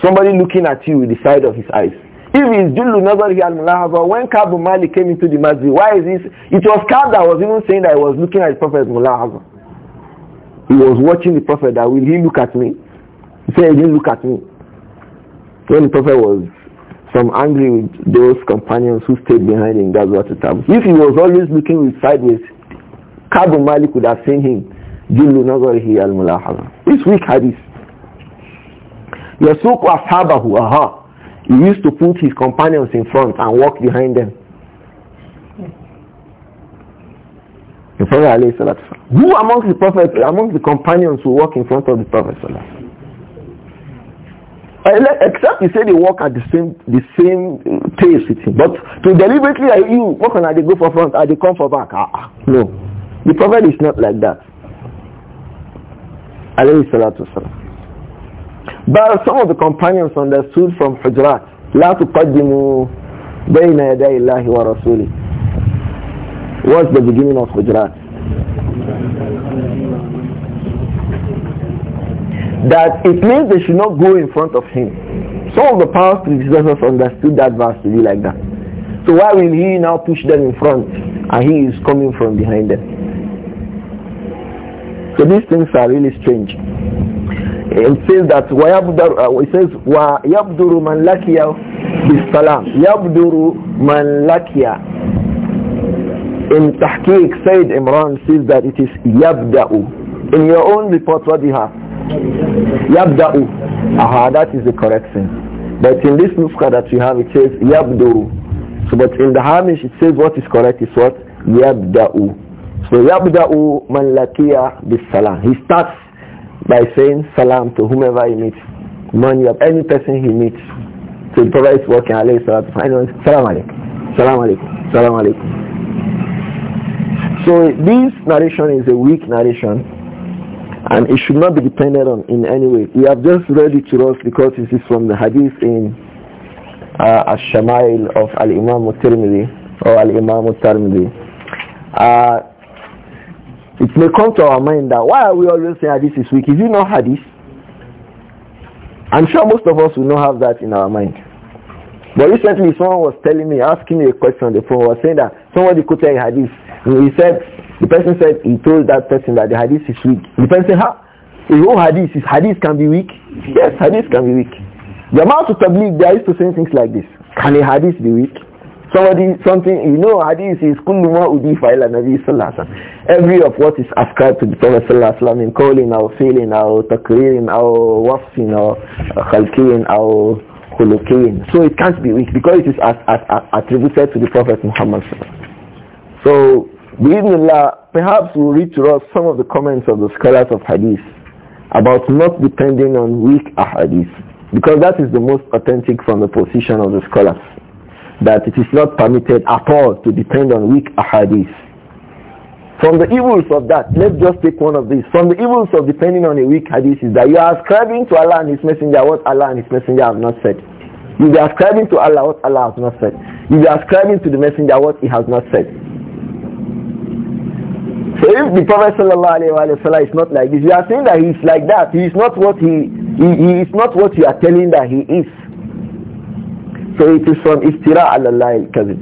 Speaker 2: somebody looking at you with the side of his eyes. If it's Jullu he al-Mulahaba, when Kabu Mali came into the masjid, why is this? It was Kab that was even saying that he was looking at the Prophet Mulahaba. He was watching the Prophet that will he look at me? He said, he didn't look at me. When the Prophet was some angry with those companions who stayed behind in Gaza to Tabuk. If he was always looking with sideways, Kabu Malik would have seen him. Jillu Nazarihi al Mulahaba. It's weak hadith. Yasuku Ashabahu, aha. He used to put his companions in front and walk behind them. The Prophet Who amongst the Prophet, amongst the companions who walk in front of the Prophet? Uh, except you say they work at the same the same uh, pace with him. But to deliberately uh, you, what can I they go for front? Are they come for back? Ah, ah, no. The Prophet is not like that. Alayhi salatu salam. But some of the companions understood from Hujrat, لا تقدموا بين يدي الله ورسوله. What's the beginning of Hujrat? that it means they should not go in front of him. Some of the past predecessors understood that verse to be like that. So why will he now push them in front and he is coming from behind them? So these things are really strange. It says that وَيَبْدُرُ Abdul, uh, it says وَيَبْدُرُ مَنْ لَكِيَ بِالسَّلَامِ يَبْدُرُ man lakia. in Tahqiq, Said Imran says that it is yabda'u. In your own report, what do you have? Yabda'u. Aha, that is the correct thing. But in this nuskha that you have, it says Yabda'u. So, but in the Hamish, it says what is correct is what? Yabda'u. So, Yabda'u man laqiya bis salam. He starts by saying salam to whomever he meets. Man yab, any person he meets. So, the Prophet is working, alayhi salatu anyone, salam alaikum, salam alaikum, salam alaikum. So, this narration is a weak narration and it should not be depended on in any way. We have just read it to us because this is from the hadith in uh, Ash-Shamail of Al-Imam al-Tirmidhi or Al-Imam al-Tirmidhi. Uh, it may come to our mind that why are we always saying hadith is weak? If you not hadith? I'm sure most of us will not have that in our mind. But recently someone was telling me, asking me a question on the phone, was saying that somebody quoted a hadith. And he said, the person said he told that person that the hadith is weak. The person said, ha, his own hadith, his hadith can be weak. Yes, hadith can be weak. The amount of tabligh, they used to saying things like this. Can a hadith be weak? Somebody, something, you know, hadith is kullu ma udi ila nabi sallallahu alaihi Every of what is ascribed to the Prophet sallallahu alaihi wasallam in calling or feeling or takririn or wasfin or khalqin or khuluqin. So it can't be weak because it is as, as, as attributed to the Prophet Muhammad sallallahu alaihi So Bismillah, perhaps we'll read to us some of the comments of the scholars of hadith about not depending on weak ahadith because that is the most authentic from the position of the scholars that it is not permitted at all to depend on weak ahadith. From the evils of that, let's just take one of these. From the evils of depending on a weak hadith is that you are ascribing to Allah and His Messenger what Allah and His Messenger have not said. You are ascribing to Allah what Allah has not said. You are ascribing to the Messenger what He has not said. So if the Prophet wasallam is not like this, you are saying that he is like that. He is not what he, he, he is not what you are telling that he is. So it is from istira ala Allah al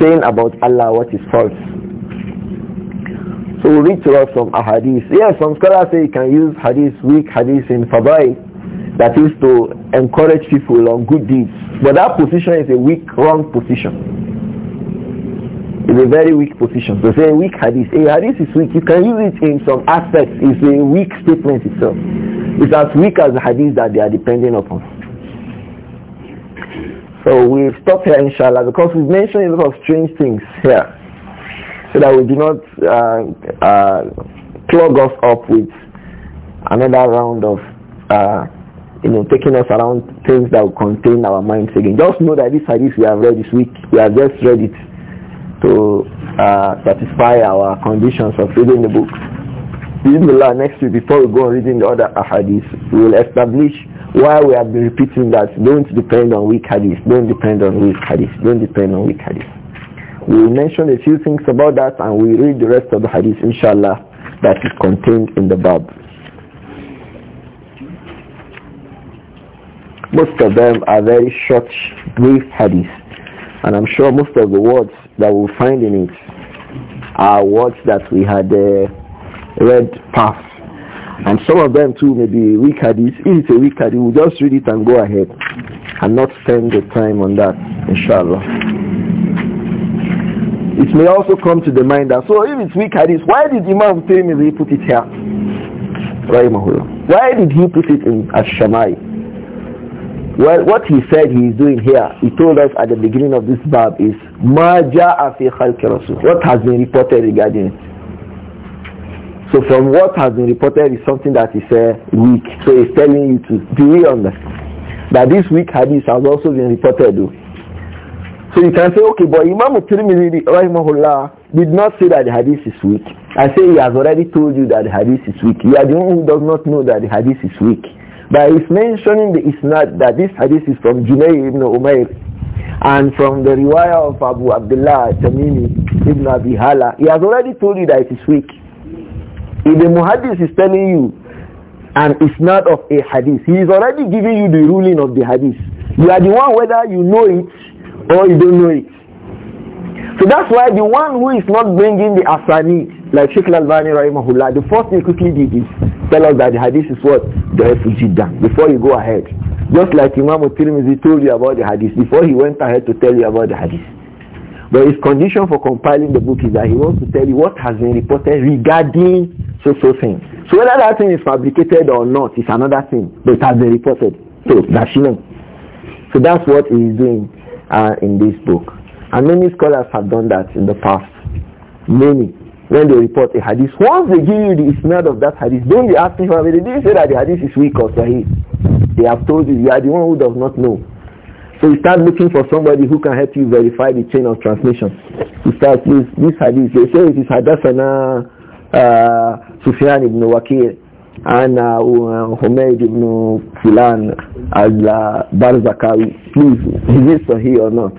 Speaker 2: saying about Allah what is false. So we read to us some hadith. Yes, some scholars say you can use hadith, weak hadith in fadai, that is to encourage people on good deeds. But that position is a weak, wrong position in a very weak position. So say weak hadith. A hadith is weak. You can use it in some aspects. It's a weak statement itself. It's as weak as the hadith that they are depending upon. So we stop here inshallah because we've mentioned a lot of strange things here. So that we do not uh, uh, clog us up with another round of uh, you know, taking us around things that will contain our minds again. Just know that this hadith we have read this week, we have just read it to uh, satisfy our conditions of reading the book. inshallah next week before we go on reading the other hadith, we will establish why we have been repeating that don't depend on weak hadith, don't depend on weak hadith, don't depend on weak hadith. We will mention a few things about that and we read the rest of the hadith, inshallah, that is contained in the Bab. Most of them are very short, brief hadiths. And I'm sure most of the words that we find in it are words that we had uh, read past. And some of them too may be weak If it's a weak we'll just read it and go ahead and not spend the time on that, inshallah. It may also come to the mind that, so if it's weak hadith, why did Imam Tirmidhi put it here? Why did he put it in Ash-Shamai? Well, what he said he is doing here, he told us at the beginning of this bab is Maja fi khalqi Rasul. What has been reported regarding it? So from what has been reported is something that is uh, weak. So he's telling you to do we that. that this weak hadith has also been reported though. So you can say, okay, but Imam Tirmidhi rahimahullah did not say that the hadith is weak. I say he has already told you that the hadith is weak. You are the one who does not know that the hadith is weak. But he's mentioning the isnad that this hadith is from Junayd ibn Umayr and from the riwayah of Abu Abdullah Tamimi ibn Abi Hala. He has already told you that it is weak. If the muhaddith is telling you and it's not of a hadith, he is already giving you the ruling of the hadith. You are the one whether you know it or you don't know it. So that's why the one who is not bringing the asani, like Sheikh Al-Albani Rahimahullah, the first thing he quickly did is tell us that the hadith is what? The done before you go ahead. Just like Imam Tirmizi told you about the hadith, before he went ahead to tell you about the hadith. But his condition for compiling the book is that he wants to tell you what has been reported regarding so-so thing. So whether that thing is fabricated or not is another thing, but it has been reported. So that's So that's what he is doing uh, in this book. And many scholars have done that in the past. Many. When they report a hadith, once they give you the isnad of that hadith, don't be asking for it. They didn't say that the hadith is weak or sahih. They have told you, you are the one who does not know. So you start looking for somebody who can help you verify the chain of transmission. You start this, this hadith. They say it is Hadassana uh, Sufyan ibn Wakil and uh, uh, Humayd ibn Filan al-Barzakawi.
Speaker 1: Please, is
Speaker 2: this Sahih or not?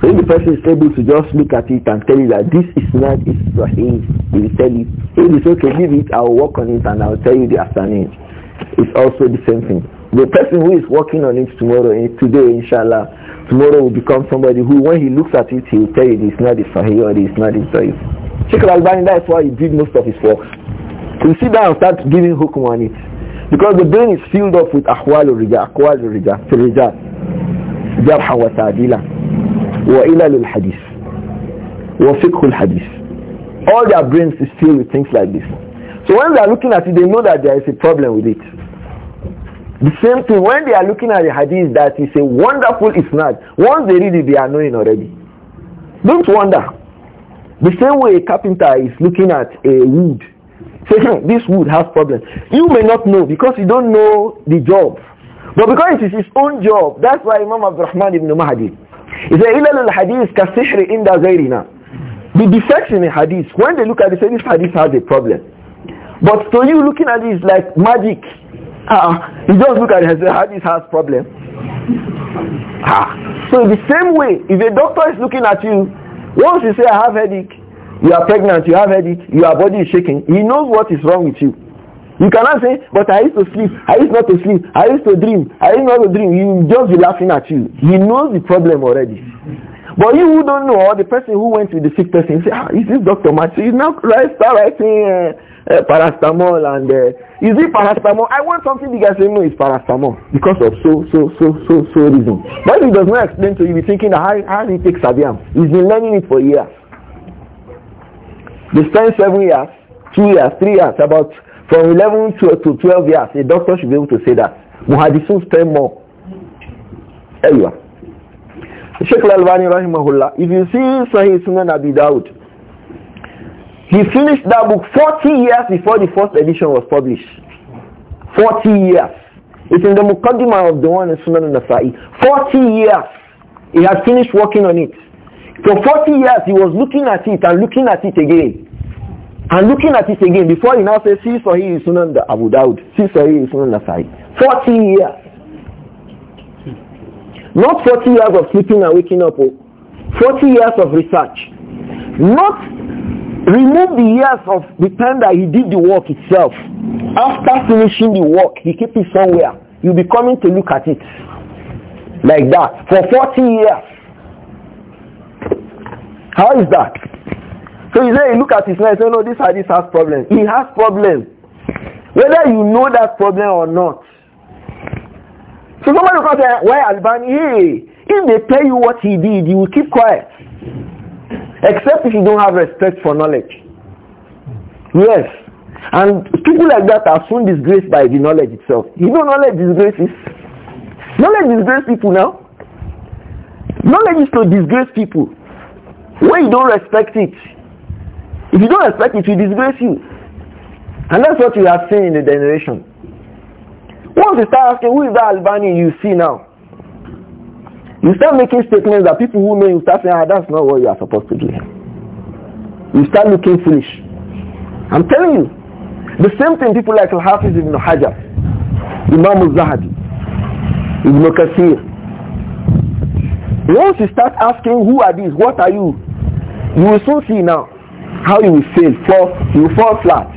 Speaker 2: So if the person is able to just look at it and tell you that this is not his Sahih, he will tell you. If it's okay, leave it, I will work on it and I will tell you the afternoon. It's also the same thing. The person who is working on it tomorrow, and eh, today inshallah, tomorrow will become somebody who when he looks at it, he will tell you this is not his Sahih or this is not his Sahih. Sheikh Al-Albani, that's why he did most of his work. He sit down and start giving hukum on it. Because the brain is filled up with ahwal rija, akwal rija, rija, jarha wa ta'dila hadith, الحديث وفقه الحديث all their brains is filled with things like this so when they are looking at it they know that there is a problem with it the same thing when they are looking at the hadith that is a wonderful not. once they read it they are knowing already don't wonder the same way a carpenter is looking at a wood say this wood has problem you may not know because you don't know the job but because it is his own job that's why imam abdurrahman ibn mahdi he said, al hadith kasihri inda zairina. The defects in a hadith, when they look at it, they say this hadith has a problem. But to you looking at it is like magic. Uh, you just look at it and say, hadith has problem. Ah. So the same way, if a doctor is looking at you, once you say, I have headache, you are pregnant, you have headache, your body is shaking, he knows what is wrong with you. You cannot say, but I used to sleep, I used not to sleep, I used to dream, I used not to dream. He will just be laughing at you. He knows the problem already. But you who don't know, or the person who went with the sick person, say, ah, is this Dr. Matthew? He's now right, start writing uh, uh, paracetamol and uh, is it paracetamol? I want something bigger. Say, no, it's paracetamol because of so, so, so, so, so reason. But he does not explain to you, you'll be thinking that how, how he takes Sabiam. He's been learning it for years. They spent seven years, two years, three years, about from 11 to, to 12 years, a doctor should be able to say that. Muhadisun spend more. are. Sheikh rahimahullah, if you see Sahih Sunan Abi Dawud, he finished that book 40 years before the first edition was published. 40 years. It's in the Muqaddimah of the one in Sunan al-Nasa'i. 40 years. He had finished working on it. For 40 years he was looking at it and looking at it again. And looking at it again, before he now says, see Sahih Sunan Abu Dawud, see Sahih Sunan Nasai. 40 years. Not 40 years of sleeping and waking up. 40 years of research. Not remove the years of the time that he did the work itself. After finishing the work, he keep it somewhere. You'll be coming to look at it. Like that. For 40 years. How is that? So you say look at his life say, no, this this has problems. He has problems. Whether you know that problem or not. So somebody will say, why Albani? Hey, if they tell you what he did, you will keep quiet. Except if you don't have respect for knowledge. Yes. And people like that are soon disgraced by the knowledge itself. You know knowledge disgraces. Knowledge disgraces people now. Knowledge is to disgrace people. When you don't respect it, if you don't expect it, it will disgrace you. And that's what we are seen in the generation. Once you start asking, who is that Albani you see now? You start making statements that people who know you start saying, ah, that's not what you are supposed to do. You start looking foolish. I'm telling you. The same thing people like Al-Hafiz ibn Hajar, Imam al-Zahabi, Ibn Kathir. Once you start asking, who are these? What are you? You will soon see now how you will fail, fall, you will fall flat.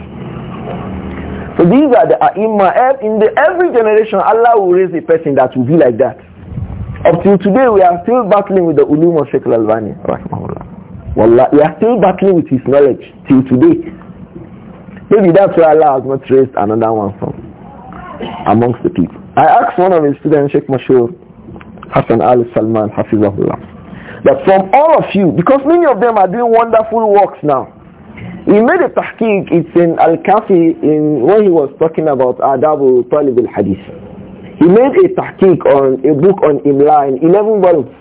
Speaker 2: So these are the ai In the, every generation, Allah will raise a person that will be like that. Up till today, we are still battling with the ulum of Sheikh Al-Albani, we are still battling with his knowledge till today. Maybe that's why Allah has not raised another one from amongst the people. I asked one of his students, Sheikh Mashur Hassan Al Salman, Hafizahullah that from all of you, because many of them are doing wonderful works now. He made a tahqiq, it's in Al-Kafi, in when he was talking about Adabul Talib al-Hadith. He made a tahqiq on a book on Imla in 11 volumes.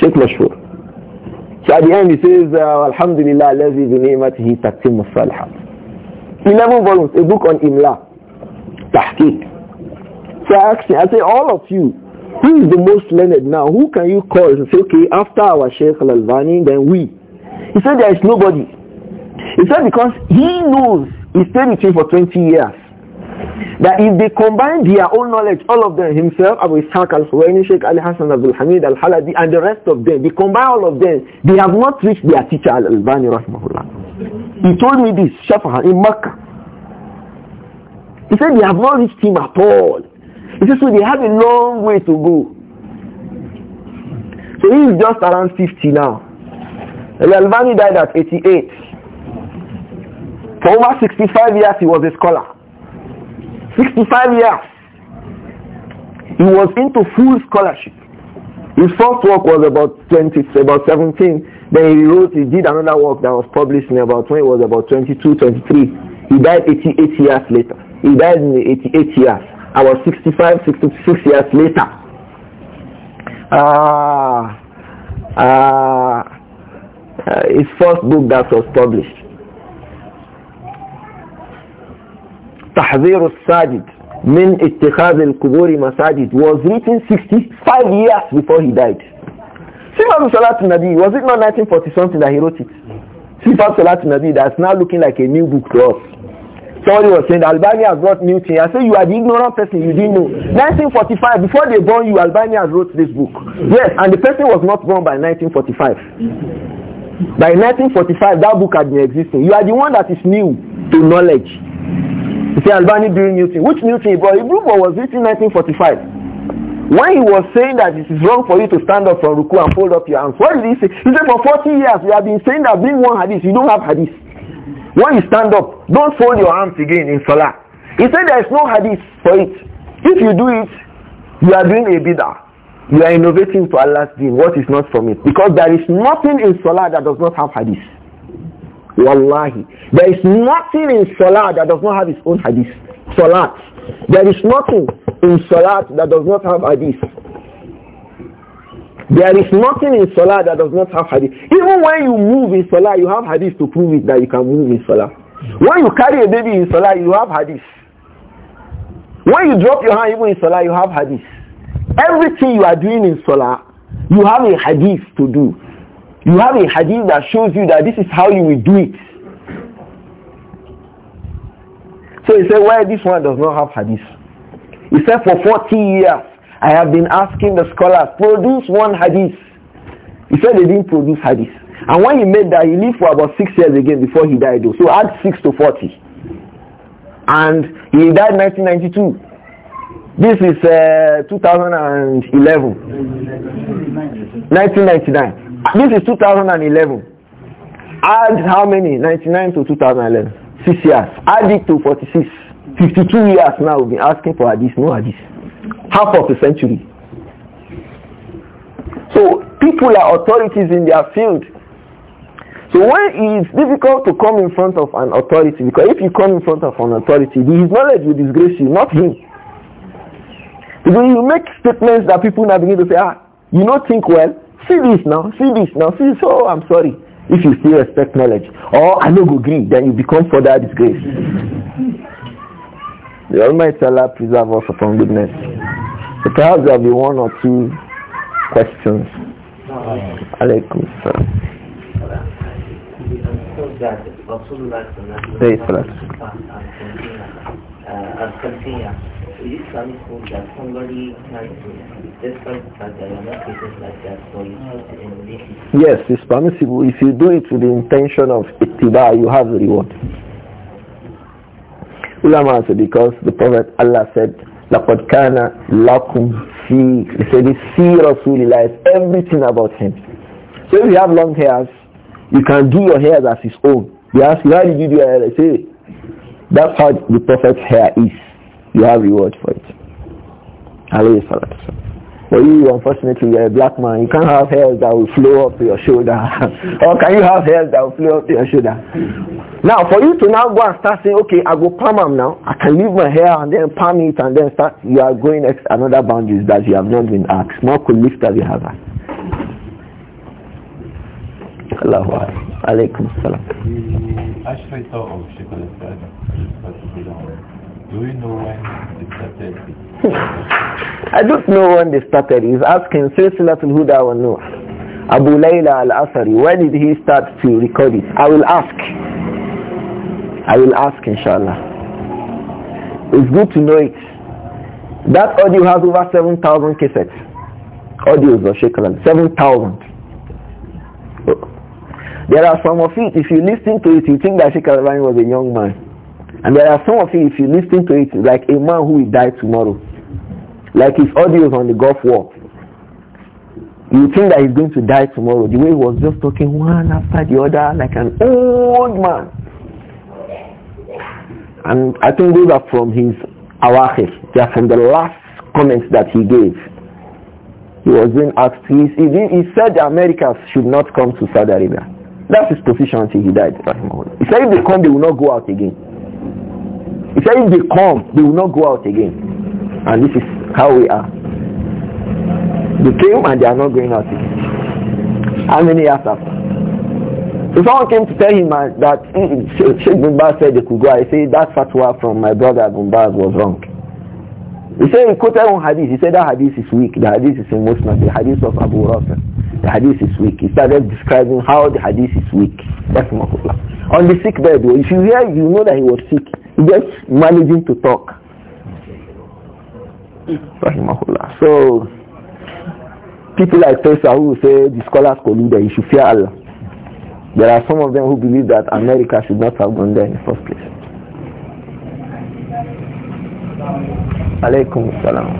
Speaker 2: Sheikh Mashur. So at the end he says, uh, Alhamdulillah, lazi bi ni'matihi tatim salihat. 11 volumes, a book on Imla. Tahqiq. So I asked him, I say, all of you, who is the most learned now? Who can you call and say, okay, after our Sheikh Al-Albani, then we? He said there is nobody. He said because he knows, he stayed with him for 20 years, that if they combine their own knowledge, all of them, himself, Abu Ishaq Al-Huwaini, Sheikh Ali Hassan Abdul Hamid Al-Haladi, and the rest of them, they combine all of them, they have not reached their teacher Al-Albani, rahmahullah. He told me this, Shafahan, in Makkah. He said they have not reached him at all. You see, so they have a long way to go. So he is just around 50 now. El Albani died at 88. For over 65 years he was a scholar. 65 years. He was into full scholarship. His first work was about 20, about 17. Then he wrote, he did another work that was published in about when he was about 22, 23. He died 88 years later. He died in 88 years. I was 65, 66 years later. Uh, uh, his first book that was published. تحذير الساجد من اتخاذ القبور مساجد was written 65 years before he died. Sifat Salat Nabi, was it not 1940 something that he wrote it? Sifat Salat Nabi that's now looking like a new book to us. Tori was saying Albania has wrote new thing. I say you are the ignorant person, you didn't know. 1945, before they born you, Albania wrote this book. Yes, and the person was not born by 1945. By 1945, that book had been existing. You are the one that is new to knowledge. You say Albania doing new thing. Which new thing? But Ibrahim was written 1945 when he was saying that it is wrong for you to stand up from ruku and fold up your hands, what did he say? He said, for 40 years, we have been saying that being one hadith, you don't have hadith. When you stand up, don't fold your arms again in salah. He said there is no hadith for it. If you do it, you are doing a bidah. You are innovating to Allah's deen what is not from it. Because there is nothing in salah that does not have hadith. Wallahi. There is nothing in salah that does not have its own hadith. Salat. There is nothing in salat that does not have hadith. There is nothing in Salah that does not have hadith. Even when you move in Salah, you have hadith to prove it that you can move in Salah. When you carry a baby in Salah, you have hadith. When you drop your hand even in Salah, you have hadith. Everything you are doing in Salah, you have a hadith to do. You have a hadith that shows you that this is how you will do it. So he said, well, this one does not have hadith. He said for 40 years, I have been asking the scholars, produce one hadith. He said they didn't produce hadith. And when he made that, he lived for about six years again before he died. So add 6 to 40. And he died 1992. This is uh, 2011. 1999. This is 2011. Add how many? 99 to 2011. Six years. Add it to 46. 52 years now we've been asking for hadith, no hadith half of a century. So people are authorities in their field. So when it's difficult to come in front of an authority, because if you come in front of an authority, his knowledge will disgrace you, not him. When you make statements that people now begin to say, ah, you don't think well, see this now, see this now, see this, oh, I'm sorry. If you still respect knowledge, or I know go agree, then you become further disgrace. The Almighty Allah preserve us from goodness. But perhaps there will be one or two questions. Alaykum salam.
Speaker 1: it that you
Speaker 2: Yes, it's permissible. If you do it with the intention of ittiba, you have the reward ulama because the Prophet Allah said, لَقَدْ كَانَ لَكُمْ فِي He said, see Rasulullah is everything about him. So if you have long hairs, you can do your hairs as his own. You ask why how did you do your hair? They say, that's how the Prophet's hair is. You have reward for it. Alayhi salatu for you, unfortunately, you're a black man. You can't have hair that will flow up to your shoulder. or can you have hair that will flow up to your shoulder? Now, for you to now go and start saying, okay, I go palm am now. I can leave my hair and then palm it and then start. You are going ex- another boundaries that you have not been asked. More could lift that you have asked. Allahu Alaikum
Speaker 1: do you know when they started it?
Speaker 2: I don't know when they started. He's asking Silsilatul Huda wa Nuh. Abu Layla al-Asari, when did he start to record it? I will ask. I will ask inshallah. It's good to know it. That audio has over 7,000 cassettes. Audios of Sheikh 7,000. There are some of it, if you listen to it, you think that Sheikh was a young man. And there are some of you, if you listen to it, like a man who will die tomorrow. Like his audio on the Gulf War. You think that he's going to die tomorrow. The way he was just talking one after the other like an old man. And I think those are from his awakhir. They are from the last comments that he gave. He was being asked, he, he, he said the Americans should not come to Saudi Arabia. That's his position until he died. He said if they come, they will not go out again. He said if they come, they will not go out again. And this is how we are. They came and they are not going out again. How many years after? So someone came to tell him that mm, mm, Sheikh Bin said they could go. I said that fatwa from my brother Bin was wrong. He said he quoted one hadith. He said that hadith is weak. The hadith is emotional. The hadith of Abu Rasul. The hadith is weak. He started describing how the hadith is weak. That's On the sick bed, if you hear, you know that he was sick just managing to talk. Rahimahullah. So people like Tessa who say the scholars collude, you should fear Allah. There are some of them who believe that America should not have gone there in the first place.
Speaker 1: Alaykum salam.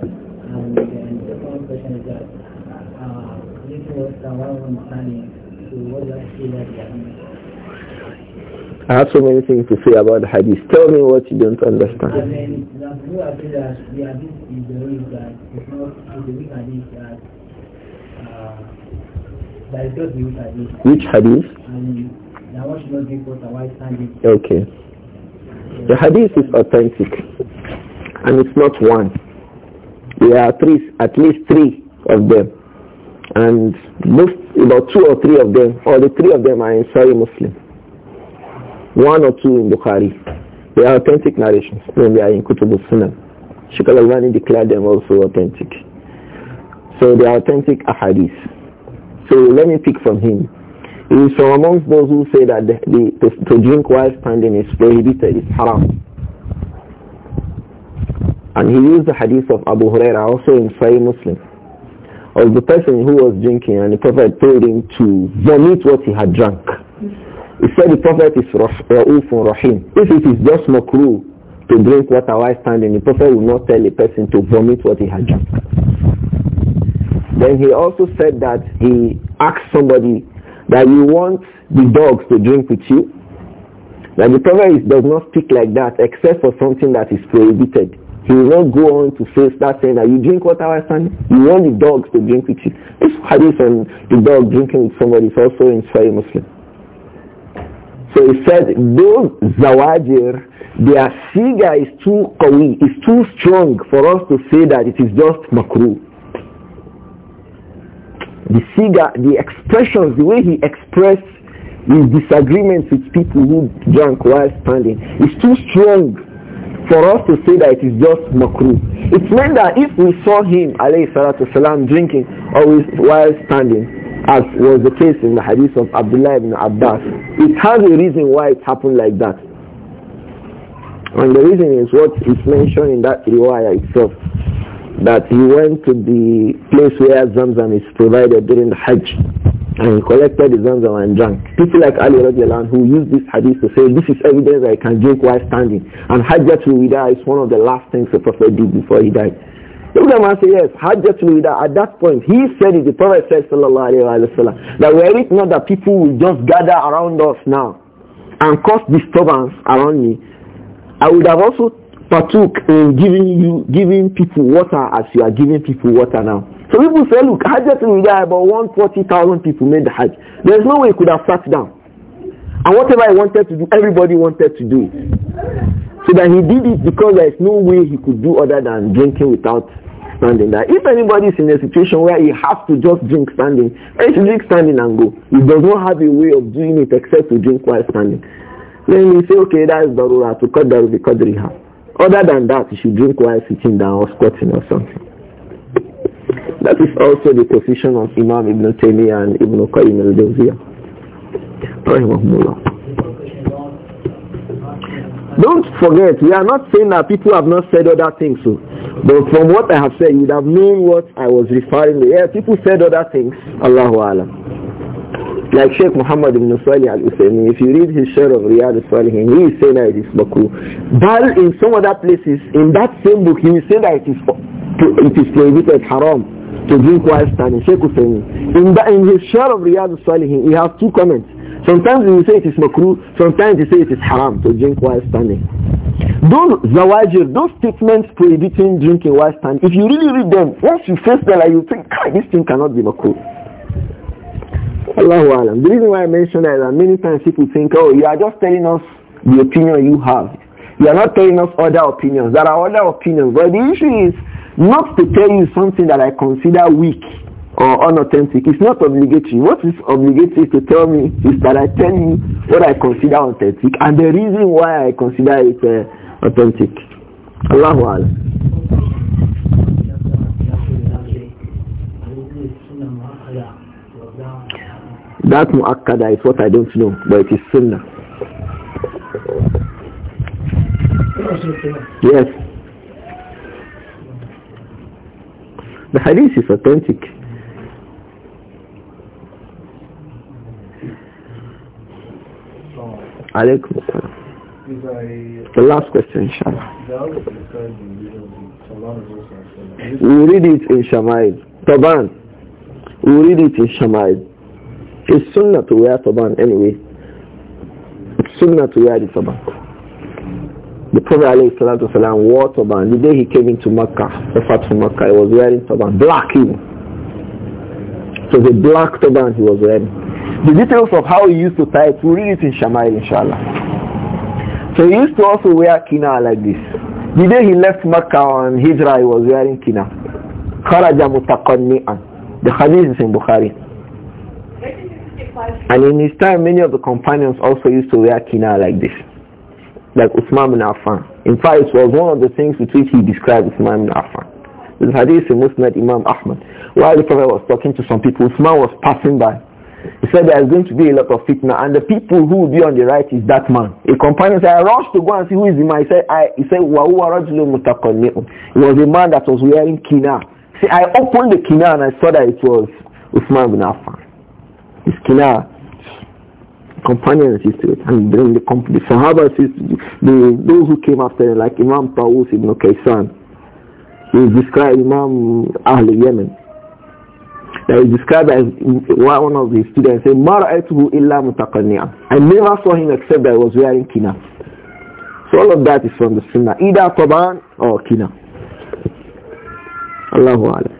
Speaker 1: Uh, I
Speaker 2: have so many things to say about the hadith. Tell me what you don't understand. I
Speaker 1: mean, are hadith the way that Which hadith?
Speaker 2: Okay. The hadith is authentic and it's not one. There are three, at least three of them. And most, about two or three of them, or the three of them are in Sahih Muslim. One or two in Bukhari. They are authentic narrations. when they are in Kutub al-Sunnah. Sheikh al-Albani declared them also authentic. So they are authentic ahadith. So let me pick from him. He is from amongst those who say that the, the, to, to drink while standing is prohibited, it's haram. And he used the hadith of Abu Huraira also in Sahih Muslim of the person who was drinking and the Prophet told him to vomit what he had drunk. He said the Prophet is Ra'ufun Rahim. If it is just makruh to drink water while standing, the Prophet will not tell a person to vomit what he had drunk. Then he also said that he asked somebody that you want the dogs to drink with you. That the Prophet does not speak like that except for something that is prohibited. He will not go on to face that saying that you drink water while standing. You want the dogs to drink with you. This hadith on the dog drinking with somebody is also in Sahih Muslim. So he said, those zawajir, their siga is too qawi, is too strong for us to say that it is just makruh. The siga, the expressions, the way he expressed his disagreements with people who drank while standing is too strong for us to say that it is just makruh. It meant that if we saw him, alayhi salatu salam, drinking always while standing, as was the case in the hadith of Abdullah ibn Abbas, it has a reason why it happened like that. And the reason is what is mentioned in that riwayah itself, that he went to the place where Zamzam is provided during the Hajj and he collected the zamzam and drank. People like Ali radiallahu who use this hadith to say this is evidence that I can drink while standing. And Hajjatul Wida is one of the last things the Prophet did before he died. Look at and say, yes, Hajjatul Wida, at that point, he said it, the Prophet said, sallallahu alayhi wa sallam, that were it not that people will just gather around us now and cause disturbance around me, I would have also partook in giving you giving people water as you are giving people water now. So people say, look, Hajjat Ridai, about 140,000 people made the Hajj. There's no way he could have sat down. And whatever he wanted to do, everybody wanted to do. it. So that he did it because there is no way he could do other than drinking without standing there. If anybody is in a situation where he has to just drink standing, he should drink standing and go. He does not have a way of doing it except to drink while standing. Then we say, okay, that is Darura, to cut bi Qadriha. Other than that, you should drink while sitting down or squatting or something. That is also the position of Imam Ibn Taymiyyah and Ibn Qayyim al-Jawziyah. Don't forget, we are not saying that people have not said other things. So.
Speaker 1: But from what
Speaker 2: I have said, you would have known what I was referring to. Yeah, people said other things. Allahu Alam. Like Sheikh Muhammad ibn Salih al if you read his share of Riyadh al-Salihin, he is saying that it is makruh. But in some other places, in that same book, he is saying that it is, it is prohibited, haram to drink while standing. Sheikh Hussein. In, in his share of Riyadh Salihin, he has two comments. Sometimes he will say it is makruh, sometimes he say it is haram to drink while standing. Those zawajir, those statements prohibiting drinking while standing, if you really read them, once you face them, like you think, this thing cannot be makruh. Allahu alam. The reason why I mention that is that many times people think, oh, you are just telling us the opinion you have. You are not telling us other opinions. There are other opinions. But the issue is not to tell you something that I consider weak or unauthentic. It's not obligatory. What is obligatory to tell me is that I tell you what I consider authentic and the reason why I consider it uh, authentic. Allahu alam. That muakkada is what I don't know, but it is sunnah. Yes. The hadith is authentic. Alaykum The last question, inshallah.
Speaker 1: We read it
Speaker 2: in Shamail. Taban. We read it in Shamail. It's sunnah to wear turban anyway. It's sunnah to wear the turban. The Prophet ﷺ wore turban. The day he came into Makkah, the Fat from Makkah, he was wearing turban. Black even. So the black turban he was wearing. The details of how he used to tie it, we read it in Shamil inshallah. So he used to also wear kina like this. The day he left Makkah on Hijrah, he was wearing kina. the hadith is in Bukhari and in his time, many of the companions also used to wear kina like this, like Usman bin Affan. In fact, it was one of the things with which he described Usman bin Affan. This hadith in Muslim Imam Ahmad. While the Prophet was talking to some people, Usman was passing by. He said there is going to be a lot of fitna and the people who will be on the right is that man. A companion said, I rushed to go and see who is the man. He said, I, he said, Wahuwa It was a man that was wearing kina. See, I opened the kina and I saw that it was Usman bin Affan. His kinah. Companions used to it, and then the, the Sahabas the, those who came after him, like Imam Tawus ibn Kaysan, he described Imam Ahl Yemen. he described as one of his students said, Mara'atuhu illa mutaqanni'a. I never saw him except that he was wearing kina. So all of that is from the Sunnah, either Taban or kina. Allahu Alam.